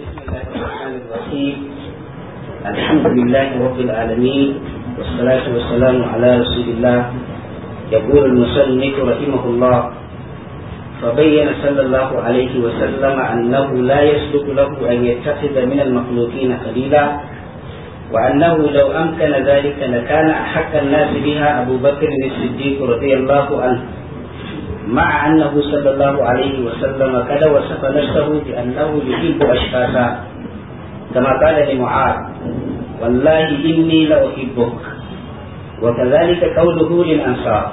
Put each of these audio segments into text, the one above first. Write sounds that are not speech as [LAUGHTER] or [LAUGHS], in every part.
بسم الله الرحمن الرحيم الحمد لله رب العالمين والصلاة والسلام على رسول الله يقول المصنف رحمه الله فبين صلى الله عليه وسلم أنه لا يسلك له أن يتخذ من المخلوقين خليلا وأنه لو أمكن ذلك لكان أحق الناس بها أبو بكر الصديق رضي الله عنه مع أنه صلى الله عليه وسلم قد وصف نفسه بأنه يحب أشخاصا كما قال لمعاذ والله إني لأحبك وكذلك قوله للأنصار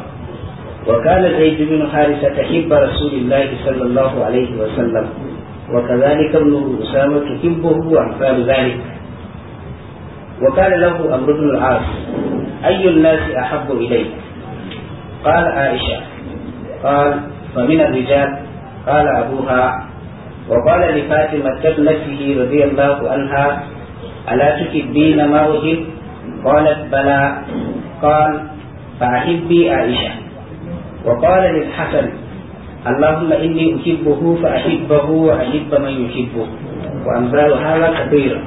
وكان زيد بن حارثة يحب رسول الله صلى الله عليه وسلم وكذلك ابن أسامة يحبه وأمثال ذلك وقال له عمرو بن العاص أي الناس أحب إليك قال عائشة قال فمن الرجال قال أبوها وقال لفاتمة ابنته رضي الله عنها ألا تحبين ما أحب قالت بلى قال فأحبي عائشة وقال للحسن اللهم إني أحبه فأحبه وأحب من يحبه وأمثال هذا كثير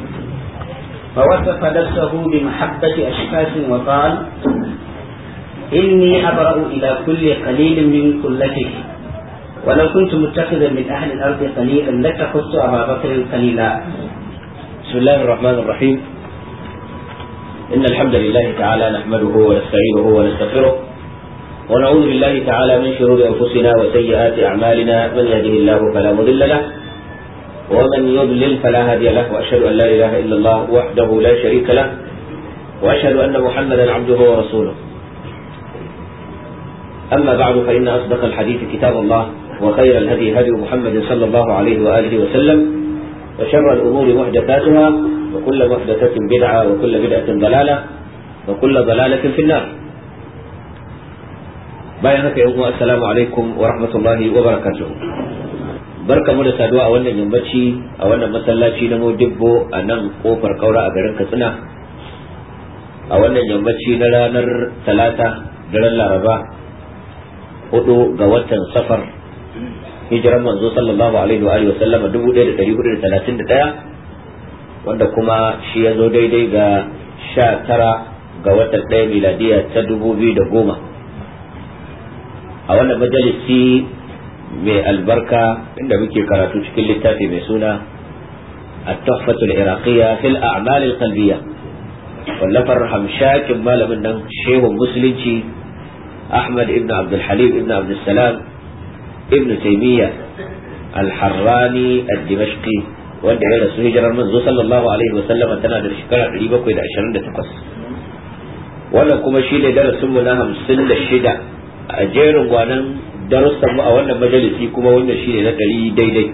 فوصف نفسه بمحبة أشخاص وقال إني أبرأ إلى كل قليل من قلته ولو كنت متخذا من أهل الأرض قليلا لاتخذت أبا بكر قليلا بسم الله الرحمن الرحيم إن الحمد لله تعالى نحمده ونستعينه ونستغفره ونعوذ بالله تعالى من شرور أنفسنا وسيئات أعمالنا من يهده الله فلا مضل له ومن يضلل فلا هادي له وأشهد أن لا إله إلا الله وحده لا شريك له وأشهد أن محمدا عبده ورسوله أما بعد فإن أصدق الحديث كتاب الله وخير الهدي هدي محمد صلى الله عليه وآله وسلم وشر الأمور محدثاتها وكل محدثة بدعة وكل بدعة ضلالة وكل ضلالة في النار bayan haka yan assalamu alaikum wa rahmatullahi wa barakatuh barka mu da saduwa a wannan yammaci a wannan masallaci na modibbo a nan kofar kaura a garin katsina a wannan ranar talata daren laraba hudu ga watan safar hijiran manzo sallallahu alaihi wa alihi wasallama 1431 wanda kuma shi ya zo daidai ga 19 ga watan ɗaya miladiya ta 2010 a wannan majalisi mai albarka inda muke karatu cikin littafi mai suna التحفة العراقية في الأعمال القلبية wallafar hamshakin malamin nan شيخ musulunci. Ahmad ابن عبد الحليم ابن عبد السلام ابن تيمية الحراني wanda ya rasu hijirar manzo sallallahu alaihi wa sallama tana da shekara 728 wannan kuma shi ne darasin mu na 56 a jerin gwanan darussan mu a wannan majalisi kuma wannan shi ne na 100 daidai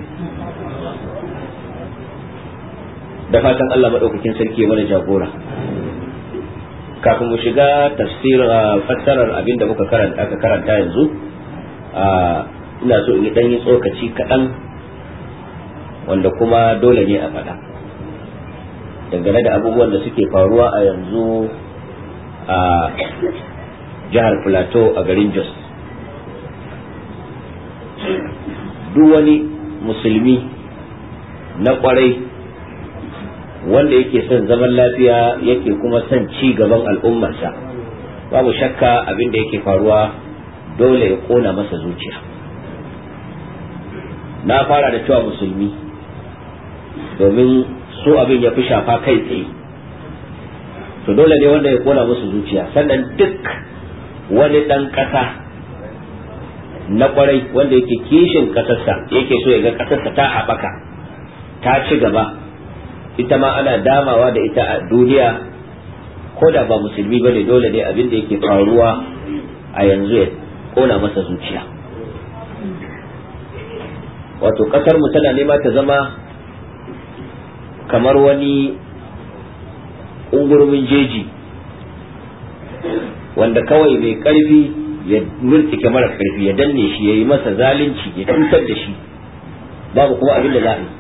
da fatan Allah maɗaukacin sarki ya mana jagora kafin mu shiga tafsirin ah, fassarar abin da muka karanta aka karanta yanzu ah, ina so in dan yi tsokaci kaɗan wanda kuma dole ne a faɗa dangane da abubuwan da suke faruwa a yanzu a jihar plateau a garin jos duk wani musulmi na kwarai wanda yake son zaman lafiya yake kuma son ci gaban al'ummarsa babu shakka abin da yake faruwa dole ya kona masa zuciya na fara da cewa musulmi domin su abin ya fi shafa kai tsaye to dole ne wanda ya kona masa zuciya sannan duk wani ɗan ƙasa na kwarai wanda yake kishin ƙasarsa yake so ya ga ƙasarsa ta haɓaka ta ci gaba ita ma ana damawa da ita a duniya ko da ba musulmi bane dole ne abin da yake faruwa a yanzu ya kona masa zuciya wato kasar mu tana nema ta zama kamar wani ungurumin jeji wanda kawai mai karfi ya murtike mara karfi ya danne shi ya yi masa zalunci ya cutar da shi babu kuma abin da za yi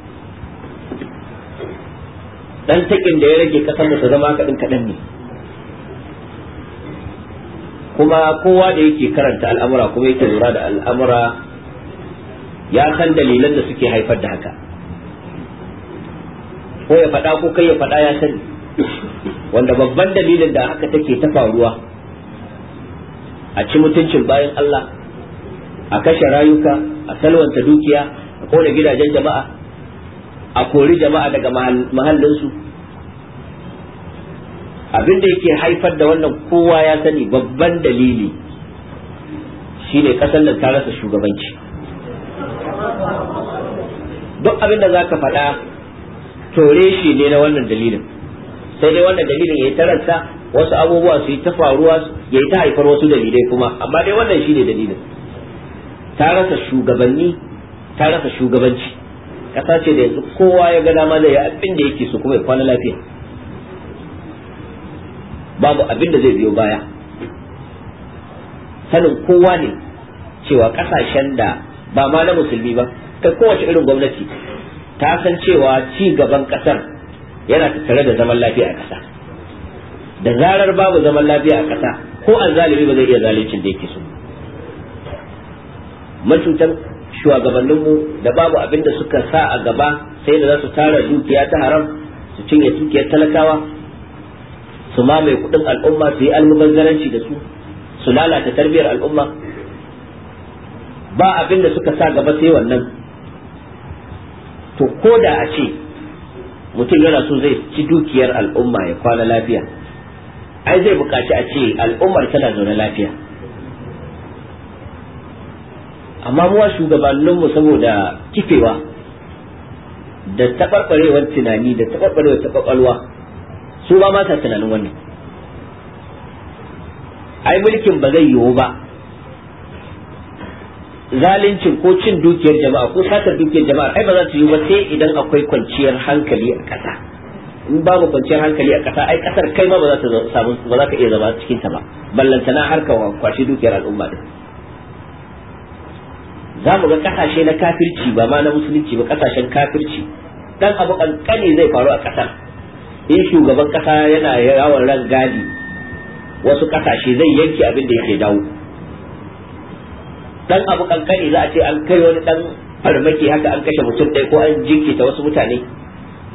dan takin da ya rage kasar da ta zama kaɗan kaɗan ne kuma kowa da yake karanta al'amura kuma yake lura da al'amura ya san dalilan da suke haifar da haka ko ya faɗa ko kai ya faɗa ya sani wanda babban dalilin da haka take ta faruwa a ci mutuncin bayan Allah a kashe rayuka a salwanta dukiya a kone gidajen jama'a a kori jama'a daga mahallinsu abin da yake haifar da wannan kowa ya sani babban dalili shine kasar nan ta rasa shugabanci duk abin da za ka faɗa tore shi ne na wannan dalilin sai dai wannan dalilin ya yi tararsa wasu abubuwa su yi ta faruwa ya yi ta haifar wasu dalilai kuma amma dai wannan shi ne dalilin ta rasa shugabanni ta rasa shugabanci ƙasa ce da yanzu kowa ya ga dama da ya abin da yake so kuma ya kwana lafiya babu abin da zai biyo baya sanin kowa ne cewa ƙasashen da ba ma na musulmi ba kai kowace irin gwamnati ta san cewa ci gaban ƙasar yana tattare da zaman lafiya a kasa da zarar babu zaman lafiya a ƙasa ko an zalimi ba zai iya zalicin da yake so mutuntan gabaninmu da babu abin da suka sa a gaba sai da za su tara dukiya ta haram su cinye dukiyar talakawa su mamaye kudin al'umma su yi almubazzaranci da su su lalata tarbiyyar al'umma ba abin da suka sa gaba sai wannan to ko da a ce mutum yana so zai ci dukiyar al'umma ya kwana lafiya ai zai buƙaci a ce al'ummar tana zaune lafiya amma muwa shugabanninmu saboda kifewa da taɓarɓarewar tunani da taɓarɓarewar taɓarɓarwa su ba ma sa tunanin wannan ai mulkin ba zai yiwu ba zalincin ko cin dukiyar jama'a ko satar dukiyar jama'a ai ba za su yi ba sai idan akwai kwanciyar hankali a ƙasa in ba mu kwanciyar hankali a ƙasa ai ƙasar kai ma ba za ta samu ba za ka iya zama cikin ta ba ballantana harkar kwashi dukiyar al'umma din za mu ga kasashe na kafirci ba ma na musulunci ba kasashen kafirci dan abu kankane zai faru a kasar in shugaban kasa yana yawon ran gadi wasu kasashe zai yanke abin da yake dawo dan abu kankane za a ce an kai wani dan farmaki haka an kashe mutum ɗaya ko an jinkita wasu mutane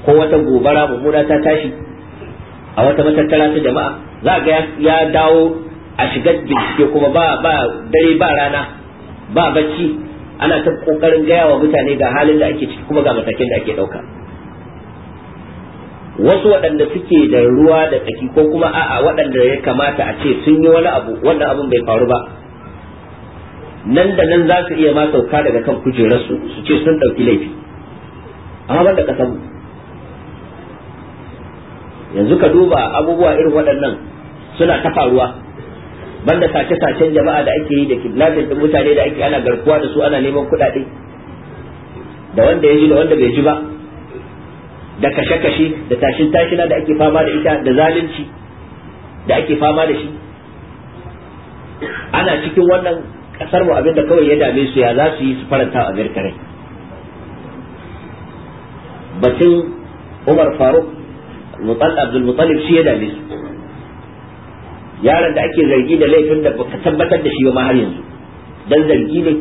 ko wata gobara mummuna ta tashi a wata matattara ta jama'a za ga ya dawo a shigar bincike kuma ba ba dare ba rana ba bacci ana ta kokarin gaya wa mutane ga halin da ake ciki kuma ga matakin da ake dauka wasu waɗanda suke da ruwa da tsaki ko kuma a'a waɗanda ya kamata a ce sun yi wani abu wannan abin bai faru ba nan da nan za su iya ma sauka daga kan kujerarsu su ce sun ɗauki laifi amma banda ƙasa mu yanzu ka duba abubuwa irin waɗannan suna ta faruwa banda sace-sacen jama'a da ake yi da kidnapping da mutane da ake ana garkuwa da su ana neman kuɗaɗe da wanda ya ji da wanda bai ji ba da kashe-kashe da tashin tashina da ake fama da ita da zalunci da ake fama da shi ana cikin wannan kasar mu abinda kawai ya dame su ya za su yi su faranta a rai batun umar faruk abdul mutalib shi ya dame su yaron da ake zargi da laifin da baka tabbatar da shi ba har yanzu dan zargi ne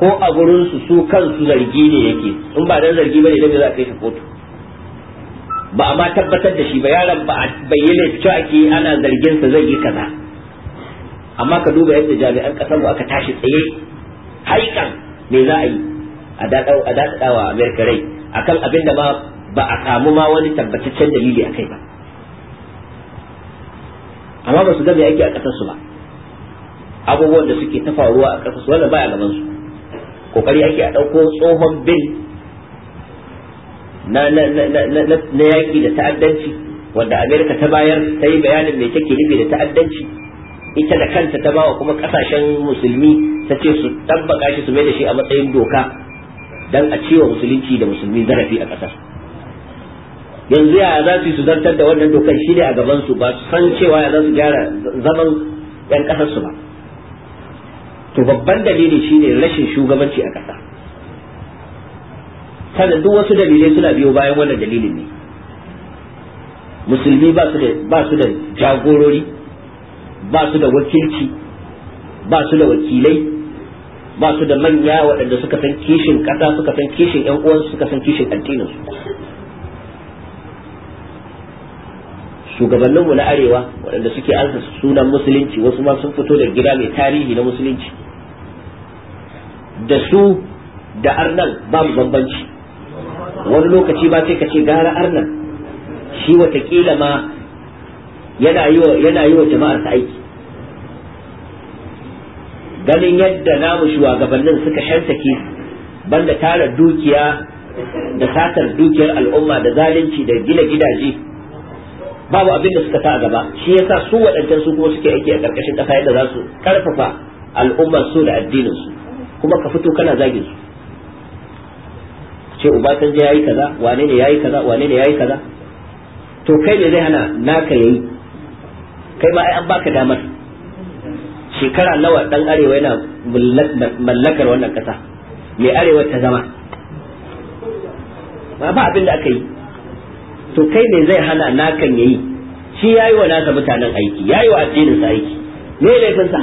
ko a gurin su kansu zargi ne yake in ba dan zargi bane dan za ka kai kotu ba a ma tabbatar da shi ba yaron ba a bayyana cewa ake ana zargin sa zai yi kaza amma ka duba yadda jami'an kasar mu aka tashi tsaye haikan me za a yi a a Amerika rai akan abin da ba ba a samu ma wani tabbataccen dalili akai ba amma ba su ga me ake a ƙasarsu su ba abubuwan da suke ta faruwa a ƙasarsu su wanda baya gaban su kokari ake a ɗauko tsohon bil na na yaƙi da ta'addanci wanda amerika ta bayar ta yi bayanin me take nufi da ta'addanci ita da kanta ta bawa kuma ƙasashen musulmi ta ce su tabbaka shi su mai da shi a matsayin doka dan a cewa musulunci da musulmi zarafi a ƙasar yanzu ya za su su zartar da wannan dokar shi ne a gaban su ba su san cewa ya za su gyara zaman yan kasar su ba to babban dalili shine rashin shugabanci a kasa kada duk wasu dalilai suna biyo bayan wannan dalilin ne musulmi ba ba su da jagorori ba su da wakilci ba su da wakilai ba su da manya waɗanda suka san kishin ƙasa suka san kishin 'yan uwansu suka san kishin addininsu shugabanninmu na arewa waɗanda suke ansa sunan musulunci wasu ma sun fito da gida mai tarihi na musulunci da su da arnan ba mu bambanci wani lokaci ba sai ka ce gara arnan shi watakila ma yana yi wa jama'ar ta aiki ganin yadda namu shugabannin suka shantake banda tara dukiya da satar dukiyar al'umma da zalunci da gina gidaje babu abin da suka sa a gaba shi yasa su waɗancan su kuma suke aiki a ƙarƙashin ƙasa yadda za su ƙarfafa al'ummar su da addinin su kuma ka fito kana zagin su ce Uba ubatan je yayi kaza wane ne yayi kaza wane ne yayi kaza to kai ne zai hana naka yayi kai ma ai an baka damar shekara nawa dan arewa yana mallakar wannan kasa mai arewa ta zama ba abin da aka yi to kai me zai hana nakan yayi shi yayi wa nasa mutanen aiki yayi wa addinin sa aiki me laifin sa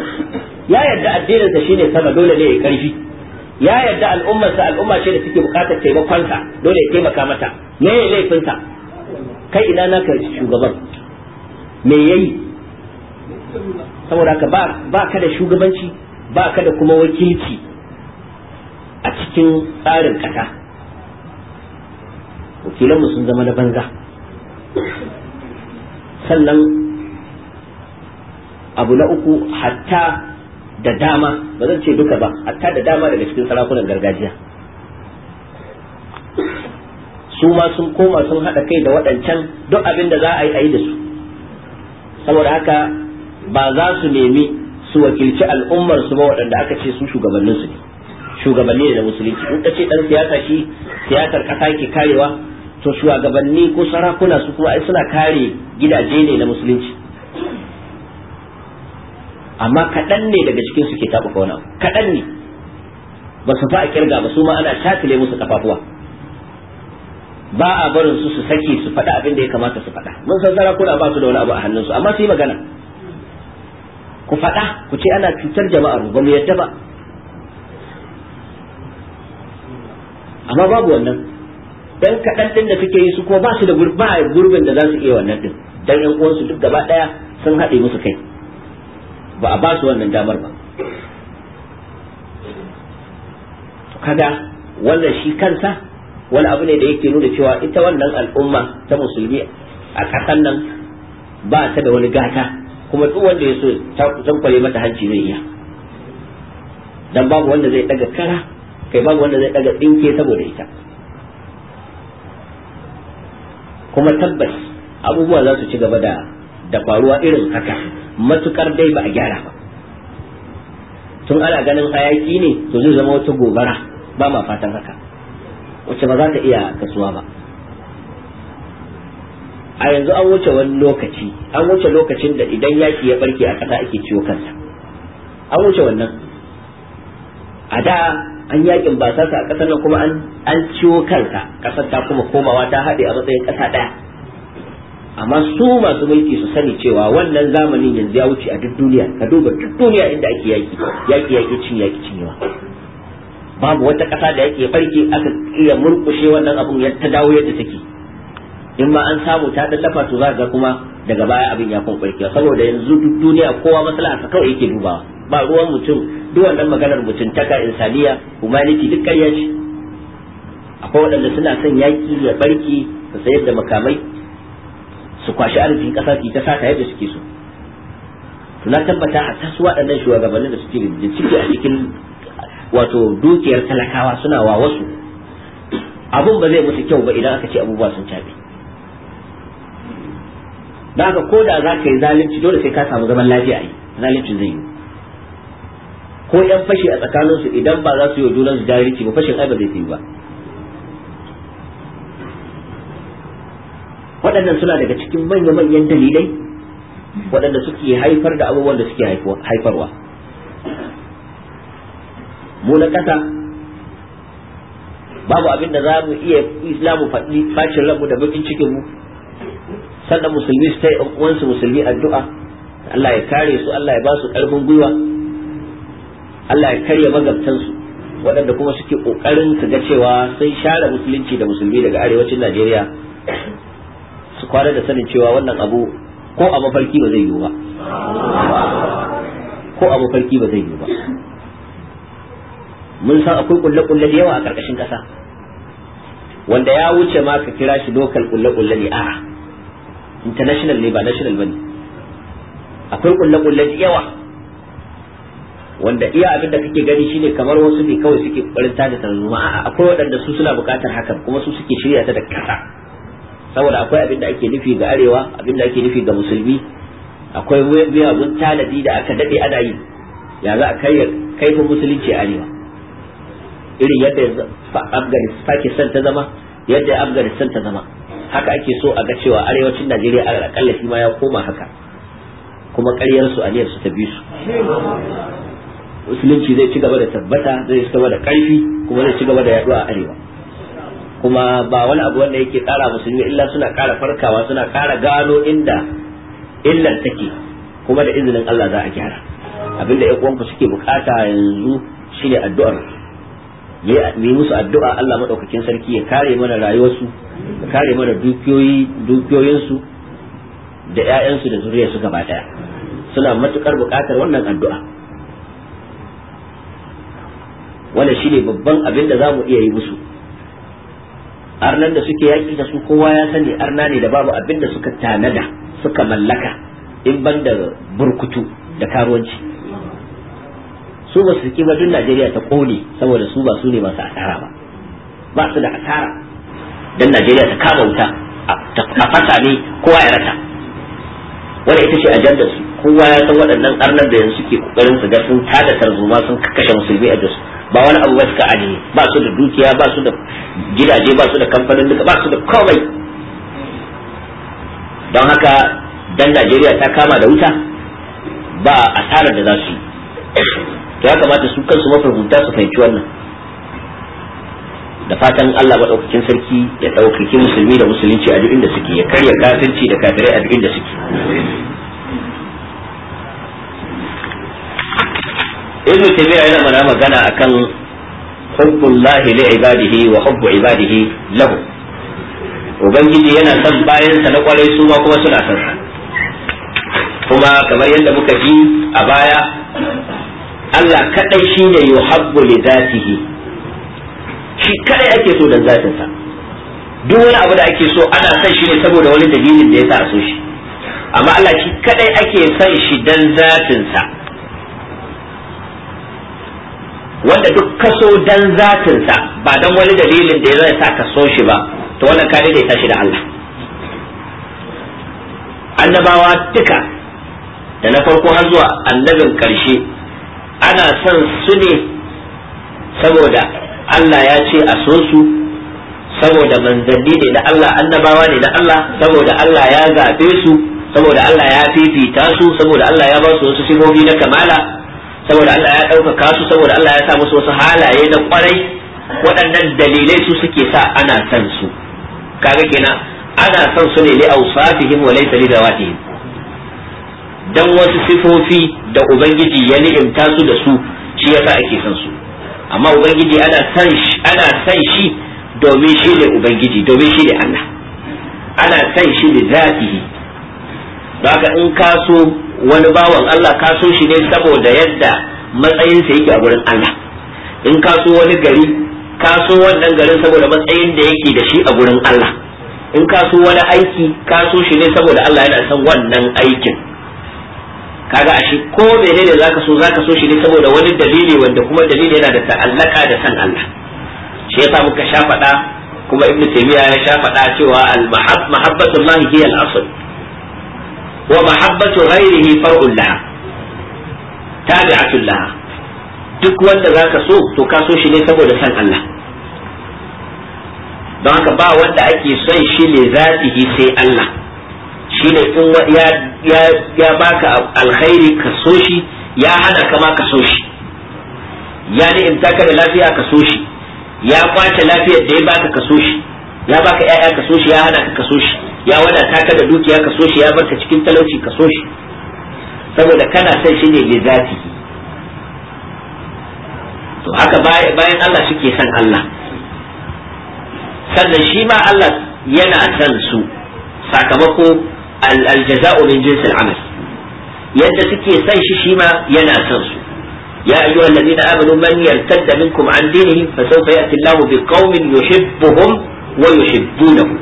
ya yadda addinin sa shine sama dole ne ya karfi ya yadda al'ummar sa al'umma ce da suke bukatar taimakon sa dole ya taimaka mata me laifin sa kai ina naka shugaban me yayi saboda ba ba ka da shugabanci ba ka da kuma wakilci a cikin tsarin kasa wakilanmu sun zama na banza sannan abu na uku hatta da dama ba zan ce duka ba hatta da dama daga cikin sarakunan gargajiya su ma sun koma sun haɗa kai da waɗancan duk abin da za a yi a yi da su saboda haka ba za su nemi su wakilci al'ummar su ba waɗanda aka ce su shugabanninsu ne shugabanni ne da musulunci in ka ce ɗan siyasa shi siyasar ƙasa ke karewa to shugabanni ko sarakuna su kuma ai suna kare gidaje ne na musulunci amma kaɗan ne daga cikin suke taɓa kauna kaɗan ne ba su fa a kirga ba su ma ana shatile musu kafafuwa ba a barin su su saki su faɗa abin da ya kamata su faɗa mun san sarakuna ba su da wani abu a hannunsu amma su yi magana ku faɗa ku ce ana cutar jama'a ba mu yadda ba amma babu wannan dan kaɗan ɗin da suke yi su ko ba su da gurbin da za su iya wannan ɗin dan yan uwansu duk gaba ɗaya sun haɗe musu kai ba a ba su wannan damar ba kaga wannan shi kansa wani abu ne da yake nuna cewa ita wannan al'umma ta musulmi a ƙasan nan ba ta da wani gata kuma duk wanda ya so tankwale mata hanci zai iya dan babu wanda zai daga kara kai babu wanda zai daga ɗinke saboda ita kuma tabbas abubuwa za su ci gaba da da faruwa irin haka matukar dai ba a gyara ba tun ana ganin hayaki ne to zai zama wata gobara ba ma fatan haka wacce ba za ta iya kasuwa ba a yanzu an wuce wani lokaci an wuce lokacin da idan yaki ya barke a kasa ake ciwo kansa an wuce wannan a da an yakin ba sa a kasar nan kuma an ciwo kansa kasar ta kuma komawa ta haɗe a matsayin ƙasa ɗaya amma su masu mulki su sani cewa wannan zamanin yanzu ya wuce a duk duniya ka duba duk duniya inda ake yaki yaki yaki cin yaki cin yawa babu wata ƙasa da yake farki aka iya murƙushe wannan abun ya ta dawo yadda take in ma an samu ta dallafa to za ga kuma daga baya abin ya kwankwarke saboda yanzu duk duniya kowa maslaha kawai yake dubawa ba ruwan mutum duk wannan maganar mutuntaka insaniya humanity duk ƙarya ce akwai waɗanda suna son yaƙi ya barki su sayar da makamai su kwashi arzikin ƙasa su ta sata yadda suke so to na tabbata a tasu waɗannan shugabannin da suke da ciki a cikin wato dukiyar talakawa suna wa wasu abun ba zai musu kyau ba idan aka ce abubuwa sun cabe da haka ko da za ka yi zalunci dole sai ka samu zaman lafiya a yi zalunci zai yi ko yan fashi a tsakaninsu idan ba za su yi wa junan su jahilci ba fashin ai ba zai yi ba waɗannan suna daga cikin manya-manyan dalilai waɗanda suke haifar da abubuwan da suke haifarwa mu na ƙasa babu abin da za mu iya islamu faɗi facin rabu da bakin cikin mu sannan musulmi su ta uwansu musulmi addu'a Allah ya kare su Allah ya ba su ƙarfin gwiwa Allah ya karya magabtansu waɗanda kuma suke ƙoƙarin su ga cewa sun share musulunci da musulmi daga arewacin Najeriya su kwana da sanin cewa wannan abu ko a mafarki ba zai yiwu ba ko a mafarki ba zai yiwu ba mun san akwai kulle-kulle da yawa a ƙarƙashin ƙasa wanda ya wuce ma ka kira shi lokal kulle-kulle ne a international ne ba national bane akwai kulle-kulle da yawa wanda iya abin da kake gani shine kamar wasu ne kawai suke kokarin tada tarzoma a akwai waɗanda su suna buƙatar hakan kuma su suke shirya ta da kasa saboda akwai abin da ake nufi ga arewa abin da ake nufi ga musulmi akwai miyagun tanadi da aka daɗe ana yi ya za a kaifin musulunci arewa irin yadda pakistan ta zama yadda afghanistan ta zama haka ake so a ga cewa arewacin najeriya a ƙalla shi ma ya koma haka kuma ƙaryar su aniyar su ta bi su musulunci zai ci gaba da tabbata zai ci gaba da karfi kuma zai ci gaba da yaduwa a arewa kuma ba wani abu wanda yake kara musulmi illa suna kara farkawa suna kara gano inda illar take kuma da izinin Allah za a gyara abinda ƴan uwanku suke bukata yanzu shine addu'ar yi musu addu'a Allah madaukakin sarki ya kare mana rayuwarsu ya kare mana dukiyoyi dukiyoyinsu da ƴaƴansu da zuriyarsu gaba daya suna matukar bukatar wannan addu'a wannan shine babban abin da zamu iya yi musu arnan da suke yaki da su kowa ya sani arna ne da babu abin da suka tanada suka mallaka in ban da burkutu da karuwanci su ba su ki ba duk Najeriya ta kone saboda su ba su ne masu asara ba ba su da asara dan Najeriya ta kama wuta a fasa ne kowa ya rata wanda ita ce da su kowa ya san waɗannan arnar da yanzu suke kokarin su ga sun tada tarzoma sun kashe musulmi a su ba wani abu wasu ka'ani ba su da dukiya ba su da gidaje ba su da kamfanin duka ba su da komai don haka dan najeriya ta kama da wuta ba asarar da za su yi to ya kamata su kansu mafarkuta su fahimci wannan da fatan Allah maɗaukakin sarki ya ɗaukaki musulmi da musulunci a duk inda suke ya karya kafirci da kafirai a duk inda suke ibn tabi'a yana mana magana akan hubbullahi li ibadihi wa hubbu ibadihi lahu ubangiji yana son bayansa na kwarai su ma kuma suna son sa kuma kamar yadda muka ji a baya Allah kadai shi ne yuhabbu li zatihi shi kadai ake so dan zatinsa duk wani abu da ake so ana son shi ne saboda wani dalilin da ya sa a so shi amma Allah shi kadai ake son shi dan zatinsa wanda duk kaso dan zatinsa ba dan wani dalilin da ya zai sa ka so shi ba to wannan ka dai shi da Allah annabawa duka da na farko har zuwa annabin karshe ana son su ne saboda Allah ya ce a so su saboda manzanni ne na Allah annabawa ne na Allah saboda Allah ya zaɓe su saboda Allah ya fifita su saboda Allah ya ba su wasu sifofi na kamala saboda Allah ya ɗaukaka su saboda Allah ya sa musu wasu halaye na kwarai waɗannan dalilai su suke sa ana san su kaga kenan ana san su ne li awsafihim wa laysa li dawatihim dan wasu sifofi da ubangiji ya ni'imta su da su shi yasa ake san su amma ubangiji ana san shi ana san shi domin shi ne ubangiji domin shi ne Allah ana san shi da zatihi don haka in ka so wani bawan Allah ka shi ne saboda yadda matsayinsa yake a gurin Allah in ka wani gari ka so wannan garin saboda matsayin da yake da shi a gurin Allah in ka wani aiki ka so shi ne saboda Allah yana son wannan aikin kaga shi ko menene zaka so zaka so shi ne saboda wani dalili wanda kuma dalili yana da ta'allaka da san Allah shi yasa muka sha faɗa kuma ibnu taymiya ya sha faɗa cewa al mahabbatullahi hiya al asl wa mahabbatu ghairihi far'un laha tabi'atun laha duk wanda zaka so to ka so shi ne saboda san Allah don haka ba wanda ake son shi ne zatihi sai Allah shi ne in ya baka alkhairi ka so shi ya hana kama ka so shi ya ni'imta ka da lafiya ka so shi ya kwace lafiyar da ya baka ka so shi ya baka ƴaƴa ka so shi ya hana ka ka shi ya wadata ka da dukiya ka so shi ya barka cikin talauci ka so shi saboda kana son shi ne lizati to haka bayan Allah shi ke son Allah sannan shi ma Allah yana son su sakamako aljaza'u min jinsil amal yadda suke son shi shi ma yana son su يا أيها الذين آمنوا من يرتد منكم عن دينه فسوف يأتي الله بقوم يحبهم wa yuhibbunahu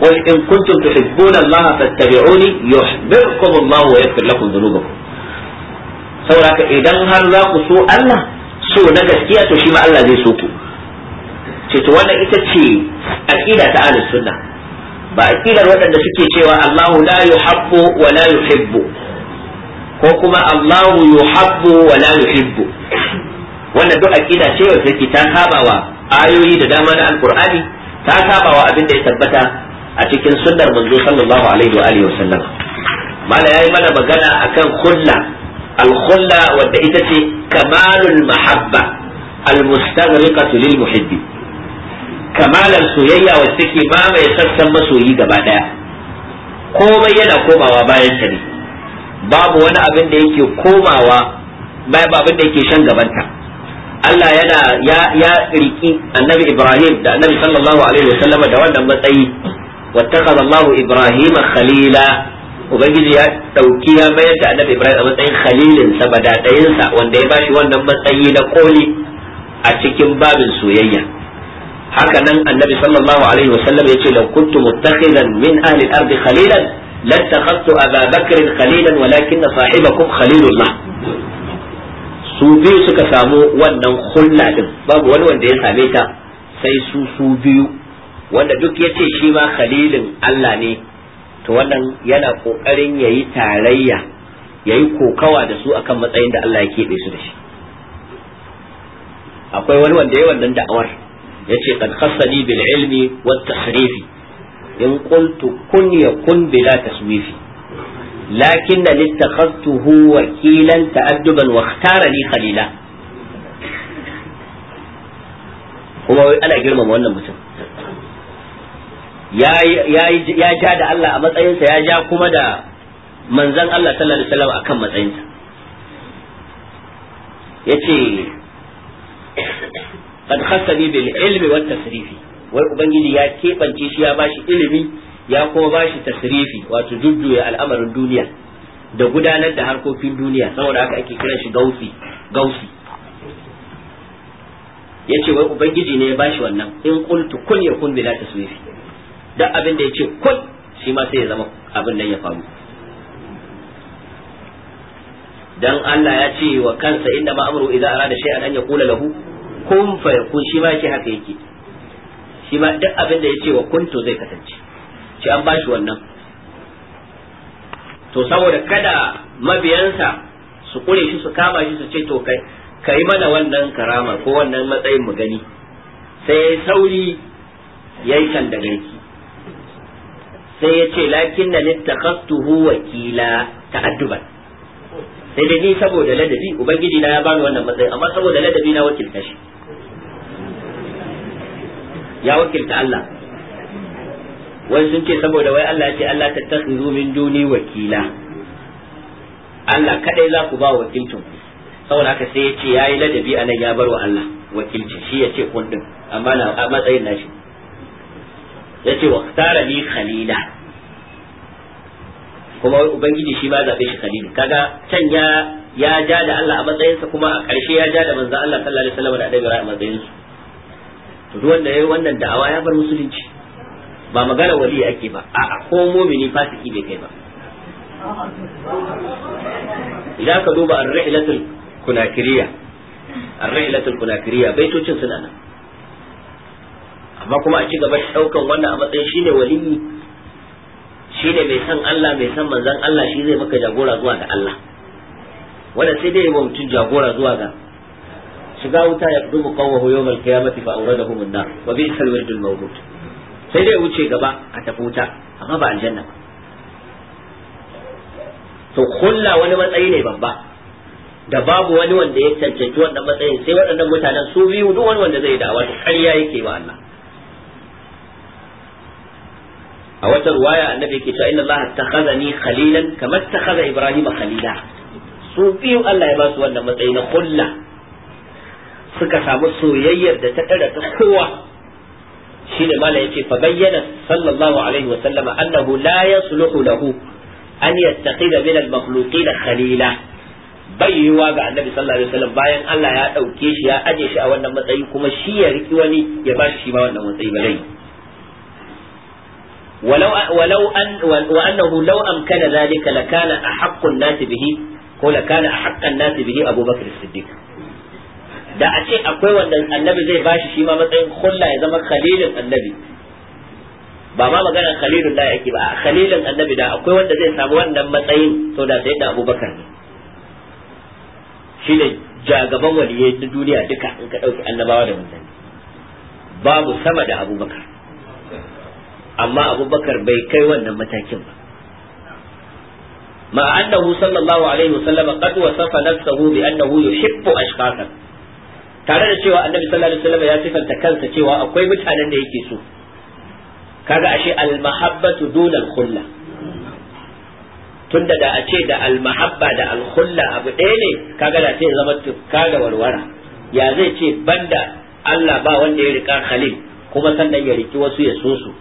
qul in kuntum tuhibbuna Allah fattabi'uni yuhibbukum Allah wa yaghfir lakum dhunubakum saboda idan har za ku so Allah so na gaskiya to shi Allah zai so ku ce to ita ce aqida ta ahlus sunna ba aqidar waɗanda suke cewa Allahu la yuhabbu wa la yuhibbu ko kuma Allahu yuhabbu wala la yuhibbu wannan duk aqida ce wacce take ta saba wa ayoyi da dama na alqur'ani ta saba wa abin da ya tabbata a cikin sunnar manzo sallallahu alaihi wa alihi wasallam mala yayi mana magana akan khulla al khulla wadda ita ce kamalul mahabba al mustaghriqatu lil muhibbi kamalar soyayya wacce take mai sassan masoyi gaba daya komai yana komawa bayan ta ne babu wani abin da yake komawa bayan abin da yake shan gabanta Allah yana ya ya riki annabi Ibrahim da annabi sallallahu alaihi wasallam da wannan matsayi wattakhadha Allahu ibrahim khalila ubangiji ya dauki ya mayar da annabi Ibrahim a matsayin khalilin sa badadayin sa wanda ya bashi wannan matsayi na koli a cikin babin soyayya haka nan annabi sallallahu alaihi wasallam yace la kuntu muttakhidan min ahli al-ard khalilan لاتخذت أبا بكر خليلا ولكن صاحبكم خليل الله su biyu suka samu wannan hulla din babu wani wanda ya same ta sai su su biyu wanda duk ya ce shi ma khalilin Allah ne to wannan yana kokarin yayi tarayya yayi kokawa da su akan matsayin da Allah ya keɓe su da shi akwai wani wanda ya wannan da'awar ya ce qad khassani bil ilmi wat tasrifi in qultu kun yakun bila taswifi lakin na littakhadtuhu wakilan ta'adduban wa ikhtara li khalila kuma wai ana girmama wannan mutum ya ja da Allah a matsayinsa ya ja kuma da manzan Allah sallallahu alaihi wasallam akan matsayinsa yace qad khassani bil ilmi wat tasrifi wai ubangiji ya keɓance shi ya bashi ilimi ya kuma shi tasrifi wato jujjuya al'amarin duniya da gudanar da harkokin duniya saboda haka ake kiran shi gausi gausi yace wai ubangiji ne ya bashi wannan in qultu kun ya kun bila tasrifi duk abin da yace kun shi ma sai ya zama abin nan ya faru dan Allah ya ce wa kansa inda ma amru idza arada shay'an an yaqula lahu kun yakun shi ma yake haka yake shi ma duk abin da yace wa kun to zai kasance ce an bashi wannan to saboda kada mabiyansa su kure shi su kama shi su ce to kai kai mana wannan karama ko wannan matsayin mu gani sai sauri yayi kan da garki sai ya ce lakin na littakhastuhu wakila ta'adduban sai da ni saboda ladabi ubangiji na ya bani wannan matsayi amma saboda ladabi na wakilta shi ya wakilta Allah wani sun ce saboda wai Allah ce Allah ta tattakhizu min duni wakila Allah kadai za ku ba wakilcin ku saboda haka sai ya ce yayi ladabi nan ya bar wa Allah wakilci shi ya ce kun din amma na a matsayin nashi ya ce wa tara ni khalila kuma ubangiji shi ba zabe shi khalil kaga can ya ya ja da Allah a matsayinsa kuma a ƙarshe ya ja da manzo Allah sallallahu alaihi wasallam da Annabi a matsayinsu to duk wanda yayi wannan da'awa ya bar musulunci ba magana wali ake ba a'a ko mumini fasiki bai kai ba idan ka duba ar-rihlatul kunakiriya ar-rihlatul kunakiriya baitocin suna nan amma kuma a ci gaba da daukan wannan a matsayin shine shi shine mai san Allah mai san manzon Allah shi zai maka jagora zuwa ga Allah wanda sai dai mutum jagora zuwa ga shiga wuta ya dubu qawwahu yawmal qiyamati fa awradahum an-nar wa bi'sal wirdul mawdud sai dai wuce gaba a tafi wuta amma ba aljanna ba to kulla wani matsayi ne babba da babu wani wanda ya cancanci wannan matsayin sai waɗannan mutanen su biyu duk wani wanda zai dawo ƙarya yake wa Allah a wata ruwaya annabi yake cewa inna Allah takhazani khalilan kamar takhaza Ibrahim khalila su biyu Allah ya ba su wannan matsayi na kulla suka samu soyayyar da ta ɗara ta kowa shine mala yace fa bayyana sallallahu alaihi wa sallama annahu la yasluhu lahu an yattaqida min al-makhluqin khalila bayyewa ga annabi sallallahu alaihi sallam bayan Allah ya dauke shi ya aje shi a wannan matsayi kuma shi ya riki wani ya ba shi ba wannan matsayi ba zai ولو ولو ان وانه لو امكن ذلك لكان احق الناس به ko لكان احق الناس به ابو بكر الصديق da a ce akwai wanda annabi zai bashi shi ma matsayin khulla ya zama khalilin annabi ba ma magana khalilun da yake ba khalilin annabi da akwai wanda zai samu wannan matsayin to da sai da abubakar ne shi ne jagaban waliyai na duniya duka in ka ɗauki annabawa da mutane babu sama da abubakar amma abubakar bai kai wannan matakin ba مع أنه صلى الله عليه وسلم قد وصف نفسه annahu يحب أشخاصا tare da cewa annabi sallallahu alaihi wasallam ya sifanta kansa cewa akwai mutanen da yake so kaga ashe al-mahabbatu duna al tunda da a ce da al-mahabba da al-khulla abu ɗaya ne kaga da sai zama tukka da warwara ya zai ce banda Allah ba wanda ya rika khalil kuma sannan ya riki wasu ya so su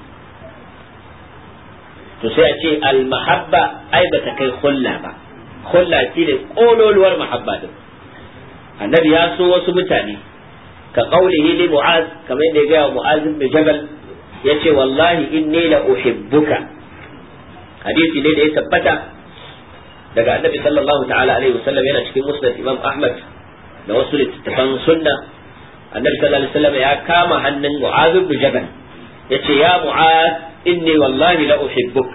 to sai a ce al-mahabba ai bata kai khulla ba khulla shine kololuwar mahabba din annabi ya so wasu mutane ka qaulihi li mu'az kamar da ya gaya wa mu'az bin jabal yace wallahi inni la uhibbuka hadisi ne da ya tabbata daga annabi sallallahu ta'ala alaihi wasallam yana cikin musnad imam ahmad da wasu littattafan sunna annabi sallallahu alaihi wasallam ya kama hannun mu'az bin jabal yace ya mu'az inni wallahi la uhibbuk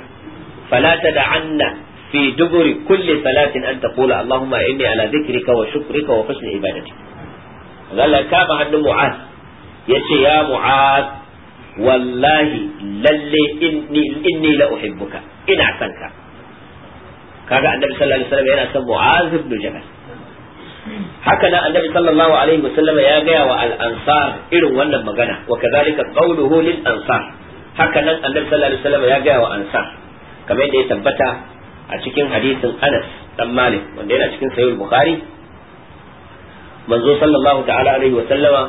fala tad'anna fi duburi kulli salatin an taqula allahumma inni ala dhikrika wa shukrika wa husni ibadati Allah kama hannun mu'az yace ya mu'az wallahi lalle inni inni la uhibbuka ina son ka kaga annabi sallallahu alaihi wasallam yana son mu'az ibn jabal haka nan annabi sallallahu alaihi wasallam ya gaya wa al-ansar irin wannan magana wa kadhalika qawluhu lil ansar haka nan annabi sallallahu ya gaya wa ansar kamar ya tabbata a cikin hadisin Anas dan Malik wanda yana cikin sahih Bukhari manzo sallallahu ta'ala alaihi wa sallama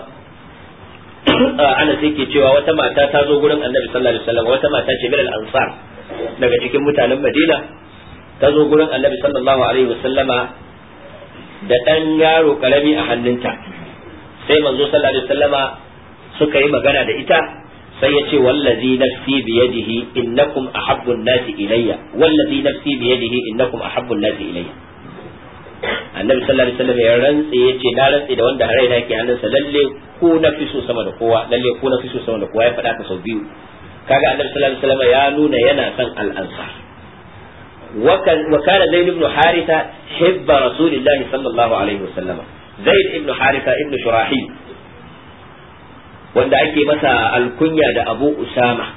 [COUGHS] ah, Anas yake cewa wata mata ta zo gurin Annabi sallallahu alaihi wasallam wata mata ce bil al-ansar daga cikin mutanen Madina ta zo gurin Annabi sallallahu alaihi wasallama da dan yaro karami a hannunta sai manzo sallallahu alaihi wasallama suka yi magana da ita sai ya ce wallazi nafsi biyadihi innakum nasi ilayya wallazi nafsi biyadihi innakum nasi ilayya annabi sallallahu alaihi wasallam ya ya ce na rantse da wanda raina yake hannunsa lalle ku so sama da kowa lalle ku so sama da kowa ya faɗa ka sau biyu kaga annabi sallallahu alaihi wasallam ya nuna yana son al wa kana zaid ibn haritha hibba rasulillahi sallallahu alaihi wasallam ibn haritha ibn wanda ake masa alkunya da abu usama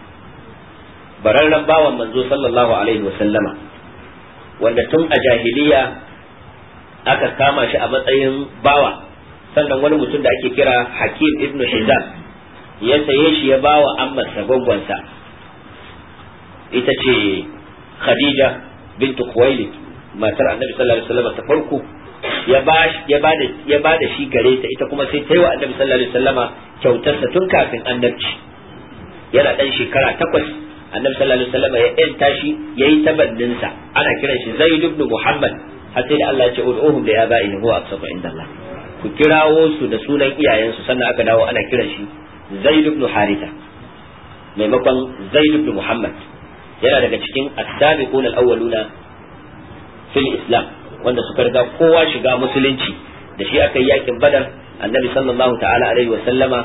bararren bawan manzo sallallahu alaihi wasallama wanda tun a jahiliya aka kama shi a matsayin bawa sannan wani mutum da ake kira hakim ibn hizam ya saye shi ya bawa ammarsa gwangwansa ita ce khadija bintu khuwailid matar annabi sallallahu alaihi wasallama ta farko ya ba da shi gare ta ita kuma sai ta yi wa annabi sallallahu alaihi wasallama kyautarsa tun kafin annabci yana dan shekara takwas annabi sallallahu alaihi wasallama ya yanta shi yayi tabanninsa ana kiran shi zaid ibn muhammad har sai da Allah ya ce ud'uhum li aba'ihim huwa inda indallah ku kirawo su da sunan iyayensu sannan aka dawo ana kiran shi zaid ibn haritha maimakon zaid ibn muhammad yana daga cikin as-sabiquna al-awwaluna fil islam wanda suka riga kowa shiga musulunci da shi aka yi yakin badar annabi sallallahu ta'ala alaihi wa sallama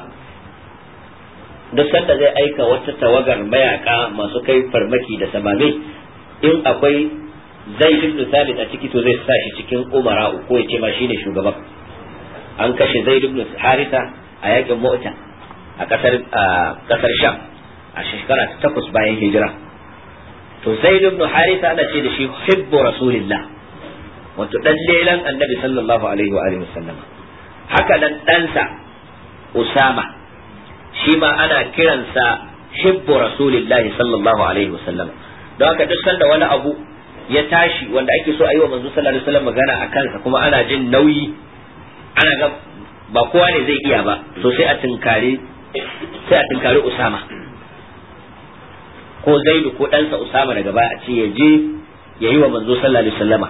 duk sanda zai aika wata tawagar mayaka masu kai farmaki da samame in akwai zai ibn thabit a ciki to zai sa shi cikin umara ko ya ce ma shine shugaban an kashe zai ibn harisa a yakin mu'ta a kasar kasar sham a shekara ta takwas bayan hijira to sai ibn harisa ana ce da shi hibbu rasulillah wato dan lelan annabi sallallahu alaihi wa alihi wasallama haka nan ɗansa usama shi ma ana kiransa hibbu rasulillahi sallallahu alaihi wasallama don haka duk sanda wani abu ya tashi wanda ake so a yi wa manzo sallallahu alaihi wasallam magana a kansa kuma ana jin nauyi ana ga ba kowa ne zai iya ba so sai a tinkare sai a tinkari usama ko zaidu ko ɗansa usama daga baya a ce ya je ya yi wa manzo sallallahu alaihi wasallama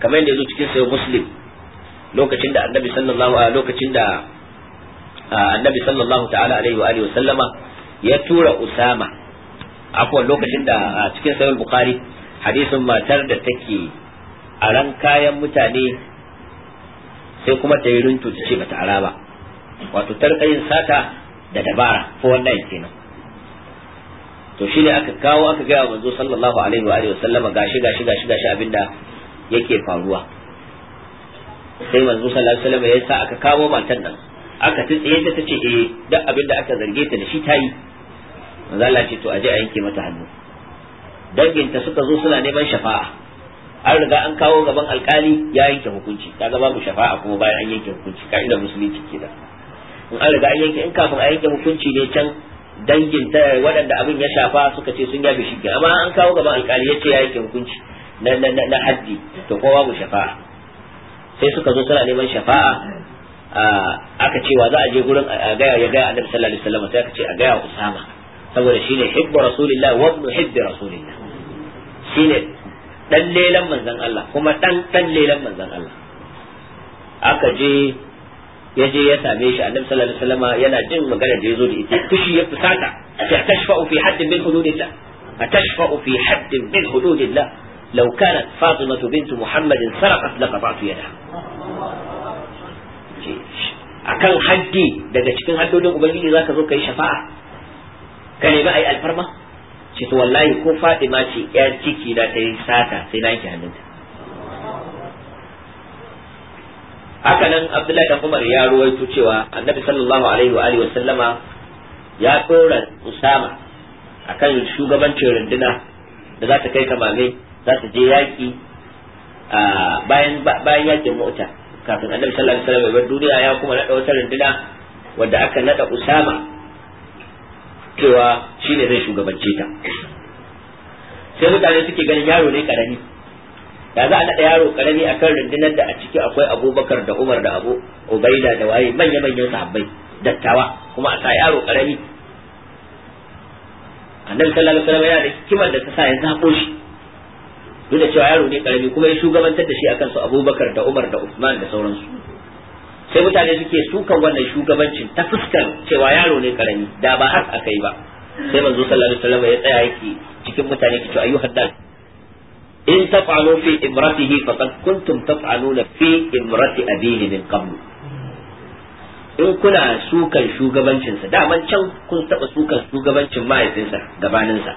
kamar yadda yazo cikin sahih muslim lokacin da annabi sallallahu alaihi lokacin da annabi sallallahu ta'ala alaihi wa alihi sallama ya tura usama akwai lokacin da cikin sahih bukhari hadisin matar da take aran kayan mutane sai kuma ta yi runtu ta ce bata ara ba wato tarkayin sata da dabara ko wannan kenan to shi ne aka kawo aka gaya manzo sallallahu alaihi wa alihi shi gashi gashi gashi gashi abinda yake faruwa sai manzo sallallahu alaihi wasallam ya sa aka kawo matan nan aka tsiye ta tace eh duk abin da aka zarge ta da shi tayi manzo Allah ce to aje a yanke mata hannu danginta suka zo suna neman shafa'a an riga an kawo gaban alkali ya yanke hukunci kaga babu shafa'a kuma bayan an yanke hukunci ka'idar musulunci ke da in an riga an yanke in kafin a yanke hukunci ne can dangin ta waɗanda abin ya shafa suka ce sun yafe shi amma an kawo gaban alkali ya ce ya yanke hukunci na na haddi to ko babu shafa'a sai suka zo suna neman shafa'a aka cewa za a je gurin a gaya ya gaya annabi sallallahu alaihi wasallam sai aka ce a gaya usama saboda shine hibbu rasulillah wa ibnu hibbi rasulillah shine dan lelan manzon Allah kuma dan dan lelan manzon Allah aka je ya je ya same shi annabi sallallahu alaihi wasallam yana jin magana da yazo da ita kushi ya fusata ta tashfa'u fi haddin min hududillah atashfa'u fi haddin min hududillah لو كانت فاطمة بنت محمد سرقت لقطعت يدها akan حدي دقا شكين حدو دون أبنجي إذا kai shafa'a ka nemi ai alfarma ce to wallahi ko Fatima ce yar ciki da ta yi haka nan Abdullahi da Umar ya ruwaito cewa Annabi sallallahu alaihi wa alihi wa sallama ya tsora Usama akan shugabancin runduna da za ta kai kamame za su je yaki bayan bayan yakin mota kafin annabi sallallahu alaihi wasallam ya duniya ya kuma nada wata runduna wanda aka nada usama cewa shine zai shugabance ta sai mutane suke ganin yaro ne karami da za a nada yaro karami akan rundunar da a ciki akwai abubakar da umar da abu ubaida da waye manya-manyan sahabbai dattawa kuma a sa yaro karami annabi sallallahu alaihi wasallam yana da hikimar da ta sa ya zabo shi duk da cewa yaro ne karami kuma ya shugabantar da shi akan su Abubakar da Umar da Usman da sauransu sai mutane suke sukan wannan shugabancin ta fuskar cewa yaro ne karami da ba har akai ba sai manzo sallallahu alaihi wasallam ya tsaya yake cikin mutane ke cewa ayyuhan nas in taf'alu fi imratihi qad kuntum taf'aluna fi imrati abihi min qabl in kuna sukan shugabancinsa man can kun taɓa sukan shugabancin mahaifinsa gabaninsa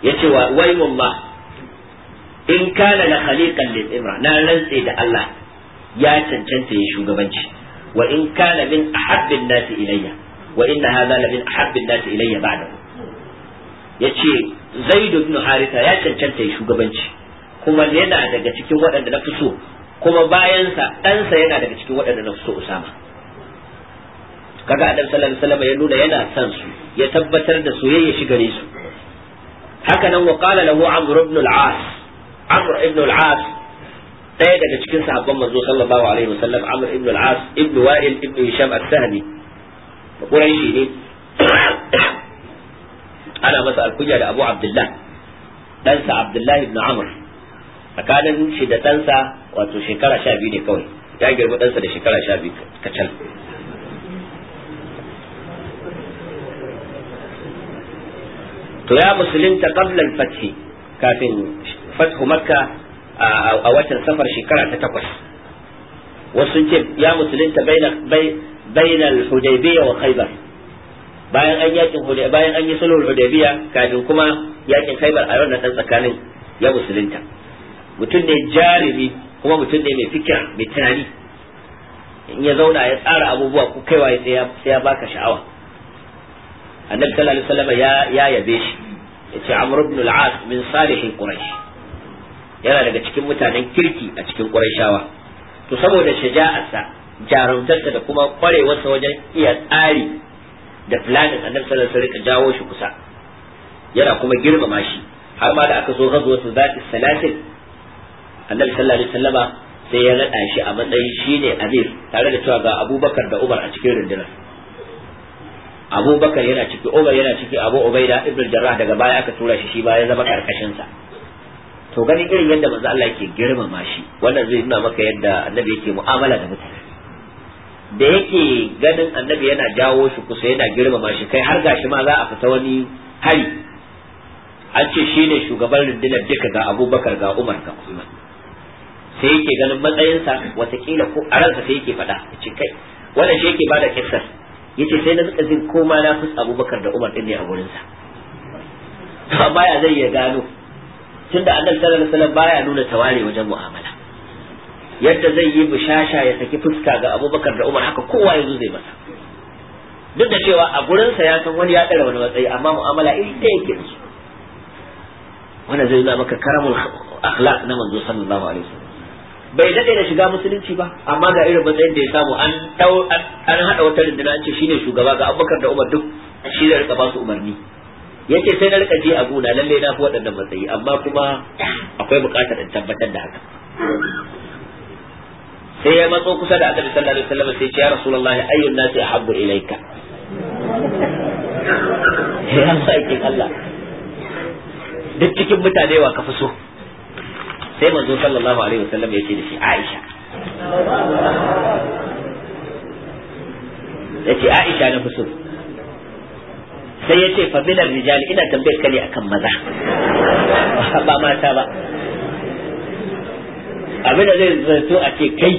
ya ce wa wallahi in kana la khaliqan lil imra na rantse da Allah ya cancanta ya shugabanci wa in kana min ahabbin nasi ilayya wa inna hadha la min ahabbin nasi ilayya ba'da yace zaid ibn haritha ya cancanta ya shugabanci kuma yana daga cikin waɗanda na fi so kuma bayansa ɗansa yana daga cikin waɗanda na fi so usama kaga adam sallallahu alaihi wasallam ya nuna yana son su ya tabbatar da soyayya shi gare su haka nan wa qala lahu amr ibn al-as amr ibn al-as ɗaya daga cikin sahabban manzo sallallahu alaihi wasallam amr ibn al-as ibn wa'il ibn hisham as-sahmi quraishi ne [COUGHS] ana masa alkunya da abu abdullah ɗansa abdullah ibn amr tsakanin shi da ɗansa wato shekara sha biyu ne kawai ya girma ɗansa da shekara sha biyu kacal to ya musulunta qabla al-fath kafin fathu makka a watan safar shekara ta takwas wasu ce ya musulunta bainal hudaybiyya wa khaybar bayan an yakin bayan an yi sulhul kafin kuma yakin khaybar a ranar dan tsakanin ya musulunta mutum ne jarumi kuma mutum ne mai fikira mai tunani in ya zauna ya tsara abubuwa ko kaiwa sai ya baka sha'awa annabi sallallahu alaihi wasallam ya ya yabe shi yace amr ibn al-as min salihin quraish yana daga cikin mutanen kirki a cikin shawa, to saboda shaja'arsa jarumtarsa da kuma ƙwarewarsa wajen iya tsari da planin a nan alaihi jawo shi kusa yana kuma girmama shi har ma da aka zo gazuwa su zaki salatin annabi sallallahu alaihi wasallama sai ya naɗa shi a matsayin shine amir tare da cewa ga abubakar da umar a cikin rundunar abubakar yana ciki umar yana ciki abu ubaida ibn jarrah daga baya aka tura shi shi ba ya zama karkashin sa to ganin irin yadda manzo Allah yake girmama shi wannan zai nuna maka yadda annabi yake mu'amala da mutane da yake ganin annabi yana jawo shi kusa yana girmama shi kai har gashi ma za a fita wani hari an ce shine shugaban rundunar duka ga Abubakar ga Umar ga Usman sai yake ganin matsayinsa watakila ko a ransa sai yake faɗa ce kai wannan shi yake bada Ya yace sai na rika jin koma na fus Abubakar da Umar din ne a gurinsa amma ya zai ya gano tunda annabi sallallahu alaihi wasallam baya nuna taware wajen mu'amala yadda zai yi bushasha ya saki fuska ga abubakar da umar haka kowa ya zo zai masa duk da cewa a gurinsa ya san wani ya ɗara wani matsayi amma mu'amala iri da yake da su wanda zai zama maka karamul akhlaq na manzo sallallahu alaihi wasallam bai dade da shiga musulunci ba amma ga irin matsayin da ya samu an an hada wata rundunar an ce shine shugaba ga abubakar da umar duk shi da rika ba su umarni yace sai na rika ji a gona lalle na fi waɗannan matsayi amma kuma akwai buƙatar in tabbatar da haka sai ya matso kusa da annabi sallallahu alaihi wasallam sai ya rasulullahi ayyun nasi ahabbu ilaika. ya saki Allah duk cikin mutane wa kafi so sai manzo sallallahu alaihi wasallam ya ce da shi Aisha ya ce Aisha na fi so sai ya ce fabilar rijali ina tambayar ka ne akan maza ba mata ba abin da zai zato a ce kai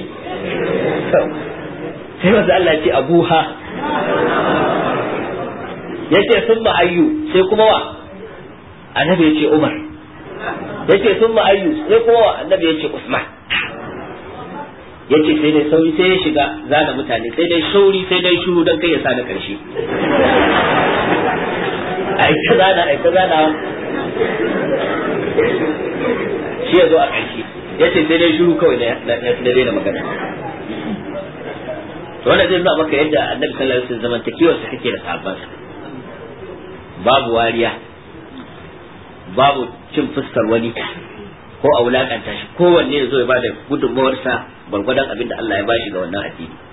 sai wasu Allah ce abuha ya ce sun ma'ayyu sai kuma wa annabi ya ce umar ya ce sun ma'ayyu sai kuma wa annabi ya ce usman ya ce sai dai sauri sai ya shiga zana mutane sai dai sauri sai dai shuru don kai ya sa na ƙarshe ai ta zana ai ta zana shi ya zo a ƙarshe ya ce sai dai shiru kawai na daina magana to wannan zai nuna maka yadda annabi sallallahu alaihi wasallam zamantakewar su kake da sahabban babu wariya babu cin fuskar wani ko a wulakanta shi kowanne ya zo ya bada gudunmawarsa gwargwadon abin da Allah ya bashi ga wannan addini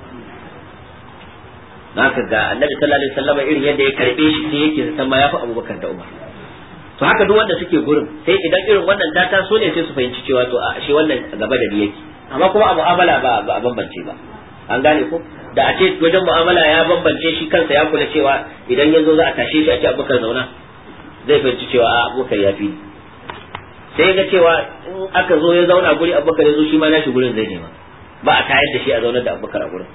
haka ga annabi sallallahu alaihi wasallam irin yadda ya karbe shi sai yake san ma yafi abubakar da umar to haka duk wanda suke gurin sai idan irin wannan ta taso ne sai su fahimci cewa to a shi wannan gaba da ni yake amma kuma a mu'amala ba ba bambance ba an gane ko da a ce wajen mu'amala ya bambance shi kansa ya kula cewa idan yanzu za a tashe shi a ce abubakar zauna zai fahimci cewa a abubakar ya fi sai ga cewa in aka zo ya zauna guri abubakar ya zo shi ma nashi gurin zai nema ba a tayar da shi a zaunar da abubakar a gurin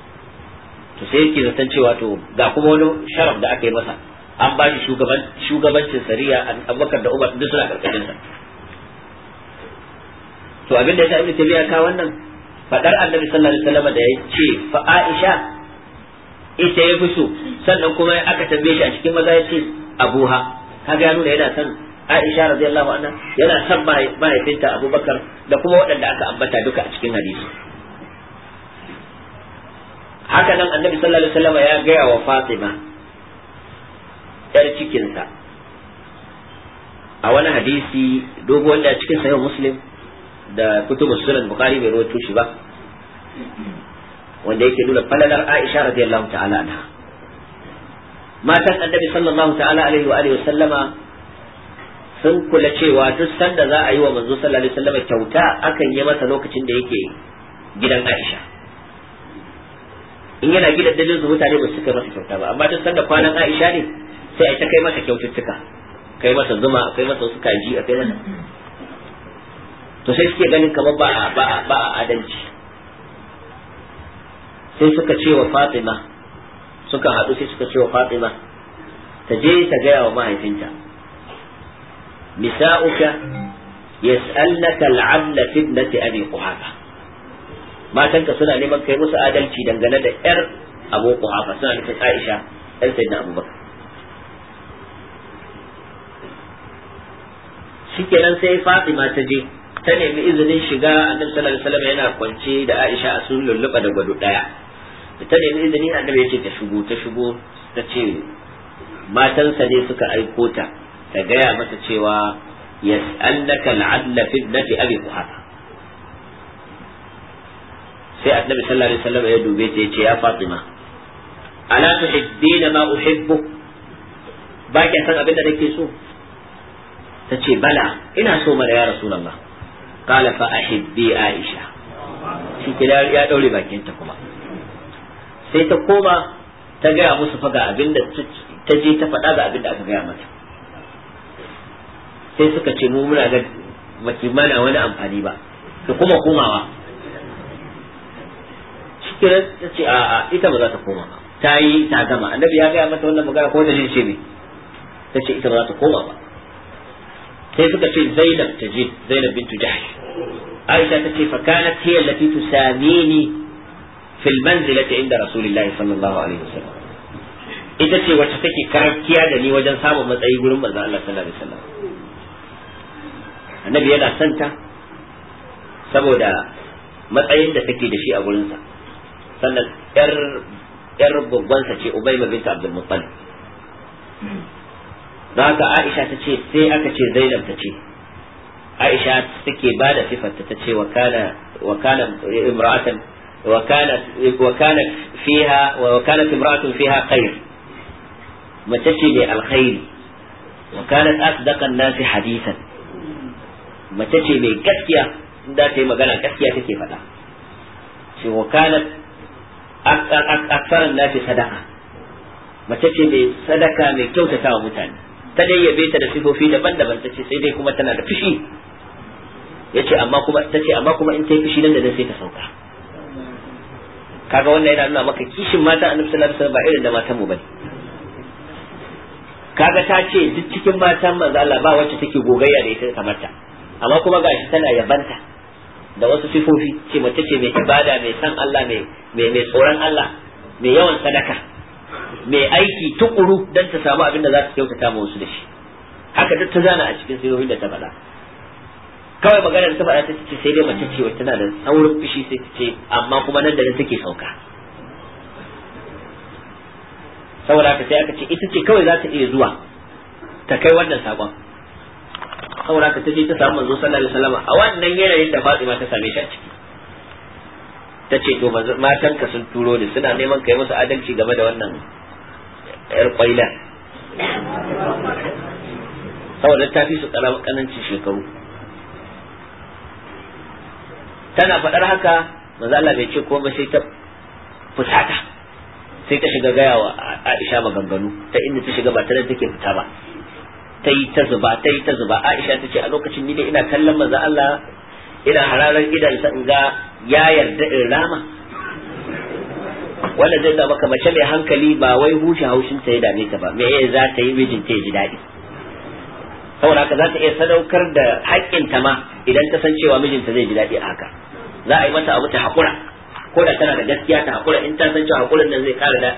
to sai yake zaton cewa to ga kuma wani sharaf da aka yi masa an ba shi shugabancin sariya abubakar da umar duk suna karkashin sa to abin da ya sa ibnu tabiya ka wannan faɗar annabi sallallahu alaihi wasallam da ya ce fa aisha ita ya fi so sannan kuma aka tambaye shi a cikin maza ya ce abuha kaga ya nuna yana son Aisha radiyallahu anha yana son mahaifinta Abubakar da kuma waɗanda aka ambata duka a cikin hadisi haka nan annabi sallallahu alaihi wasallam ya gaya wa fatima yar cikinsa a wani hadisi dogo wanda a cikin sahih muslim da kutubu sunan bukhari bai rawaito shi ba wanda yake nuna falalar aisha radiyallahu ta'ala anha matan annabi sallallahu ta'ala alaihi wa alihi wasallama sun kula cewa duk sanda za a yi wa manzo sallallahu alaihi wasallama kyauta akan yi masa lokacin da yake gidan aisha in yana gidan dalilin su mutane ba su kai masa kyauta ba amma duk sanda kwanan Aisha ne sai a ta kai masa kyaututtuka kai masa zuma kai masa wasu kaji a kai masa to sai suke ganin kamar ba a ba ba adalci sai suka ce wa Fatima suka haɗu sai suka ce wa Fatima ta je ta gaya wa mahaifinta nisa'uka yas'alnaka al'adla fitnati abi quhafa matanka suna neman kai musu adalci dangane da yar abu kuhafa suna nufin aisha yar sayyidina abubakar shikenan sai fatima ta je ta nemi izinin shiga annabi sallallahu alaihi yana kwance da aisha a sun lulluɓa da gwado daya ta nemi izini annabi yake ta shigo ta shigo ta ce matansa ne suka aiko ta ta gaya mata cewa yas'alaka al'adla fi nafi abi kuhafa sai annabi sallallahu alaihi wasallam ya dube ta yace ya fatima ala tuhibbina ma uhibbu ba ki san abin da nake so tace bala ina so mara ya rasulullah qala fa ahibbi aisha shi kila ya daure bakin ta kuma sai ta koma ta gaya musu fa ga abin da ta je ta faɗa ga abin da aka gaya mata sai suka ce mu muna ga baki mana wani amfani ba ki kuma komawa kiran ta ce a'a ita ba za ta koma ba ta yi ta gama annabi ya gaya mata wannan magana ko dalilin ce ne ta ce ita ba za ta koma ba sai suka ce zainab ta je zainab bintu jahsh aisha ta ce fa kanat hiya allati tusamini fil manzilati inda rasulillahi sallallahu alaihi wasallam ita ce wacce take karkiya da ni wajen samun matsayi gurin manzon Allah sallallahu alaihi wasallam annabi yana santa saboda matsayin da take da shi a gurinsa sannan yar yar gwaggwansa ce ubayma bint abdul muttalib da haka aisha ta ce sai aka ce zainab ta ce aisha take ba da sifar ta ce wa kana imra'atan وكانت وكانت wa وكانت امرأة فيها خير متشي الخير وكانت أصدق الناس حديثا متشي magana gaskiya take faɗa كيف wa وكانت aksaran nashi sadaka mace ce mai sadaka mai kyautata wa mutane ta dai yabe ta da sifofi daban-daban ta ce sai dai kuma tana da fushi ya ce amma kuma ta ce amma kuma in ta yi fushi nan da nan sai ta sauka kaga wannan yana nuna maka kishin mata a sallallahu alaihi ba irin da matan mu bane kaga ta ce duk cikin matan manzo Allah ba wacce take gogayya da ita kamar ta amma kuma gashi tana yabanta da wasu sifofi ce mace ce mai ibada mai san Allah mai mai tsoron Allah mai yawan sadaka mai aiki tukuru dan ta samu abin da za ta kyautata ma wasu da shi haka duk ta zana a cikin sirrin da ta faɗa kawai maganar ta faɗa ta ce sai dai mace ce wata tana da saurin fushi sai ta ce amma kuma nan da nan take sauka saboda haka sai aka ce ita ce kawai za ta iya zuwa ta kai wannan sakon saboda ta je ta samu manzo sallallahu alaihi wasallam a wannan yanayin da Fatima ta same shi ciki ta ce to matan ka sun turo ni suna neman kai musu adalci game da wannan yar kwaila saboda ta fi su kananci shekaru tana faɗar haka manzo Allah bai ce ko ba sai ta fusata sai ta shiga gaya wa Aisha maganganu ta inda ta shiga ba ta da take fita ba ta yi ta zuba ta yi ta zuba aisha ta ce a lokacin ni ne ina kallon manzo Allah ina hararar gidansa in ga ya yarda in rama wanda zai da baka mace mai hankali ba wai huce haushin ta ya dame ta ba me yayin za ta yi mijin ta ji daɗi saboda haka za ta iya sadaukar da haƙƙin ta ma idan ta san cewa mijinta zai ji daɗi a haka za a yi mata abu ta haƙura ko da tana da gaskiya ta hakura in ta san cewa haƙurin nan zai ƙara da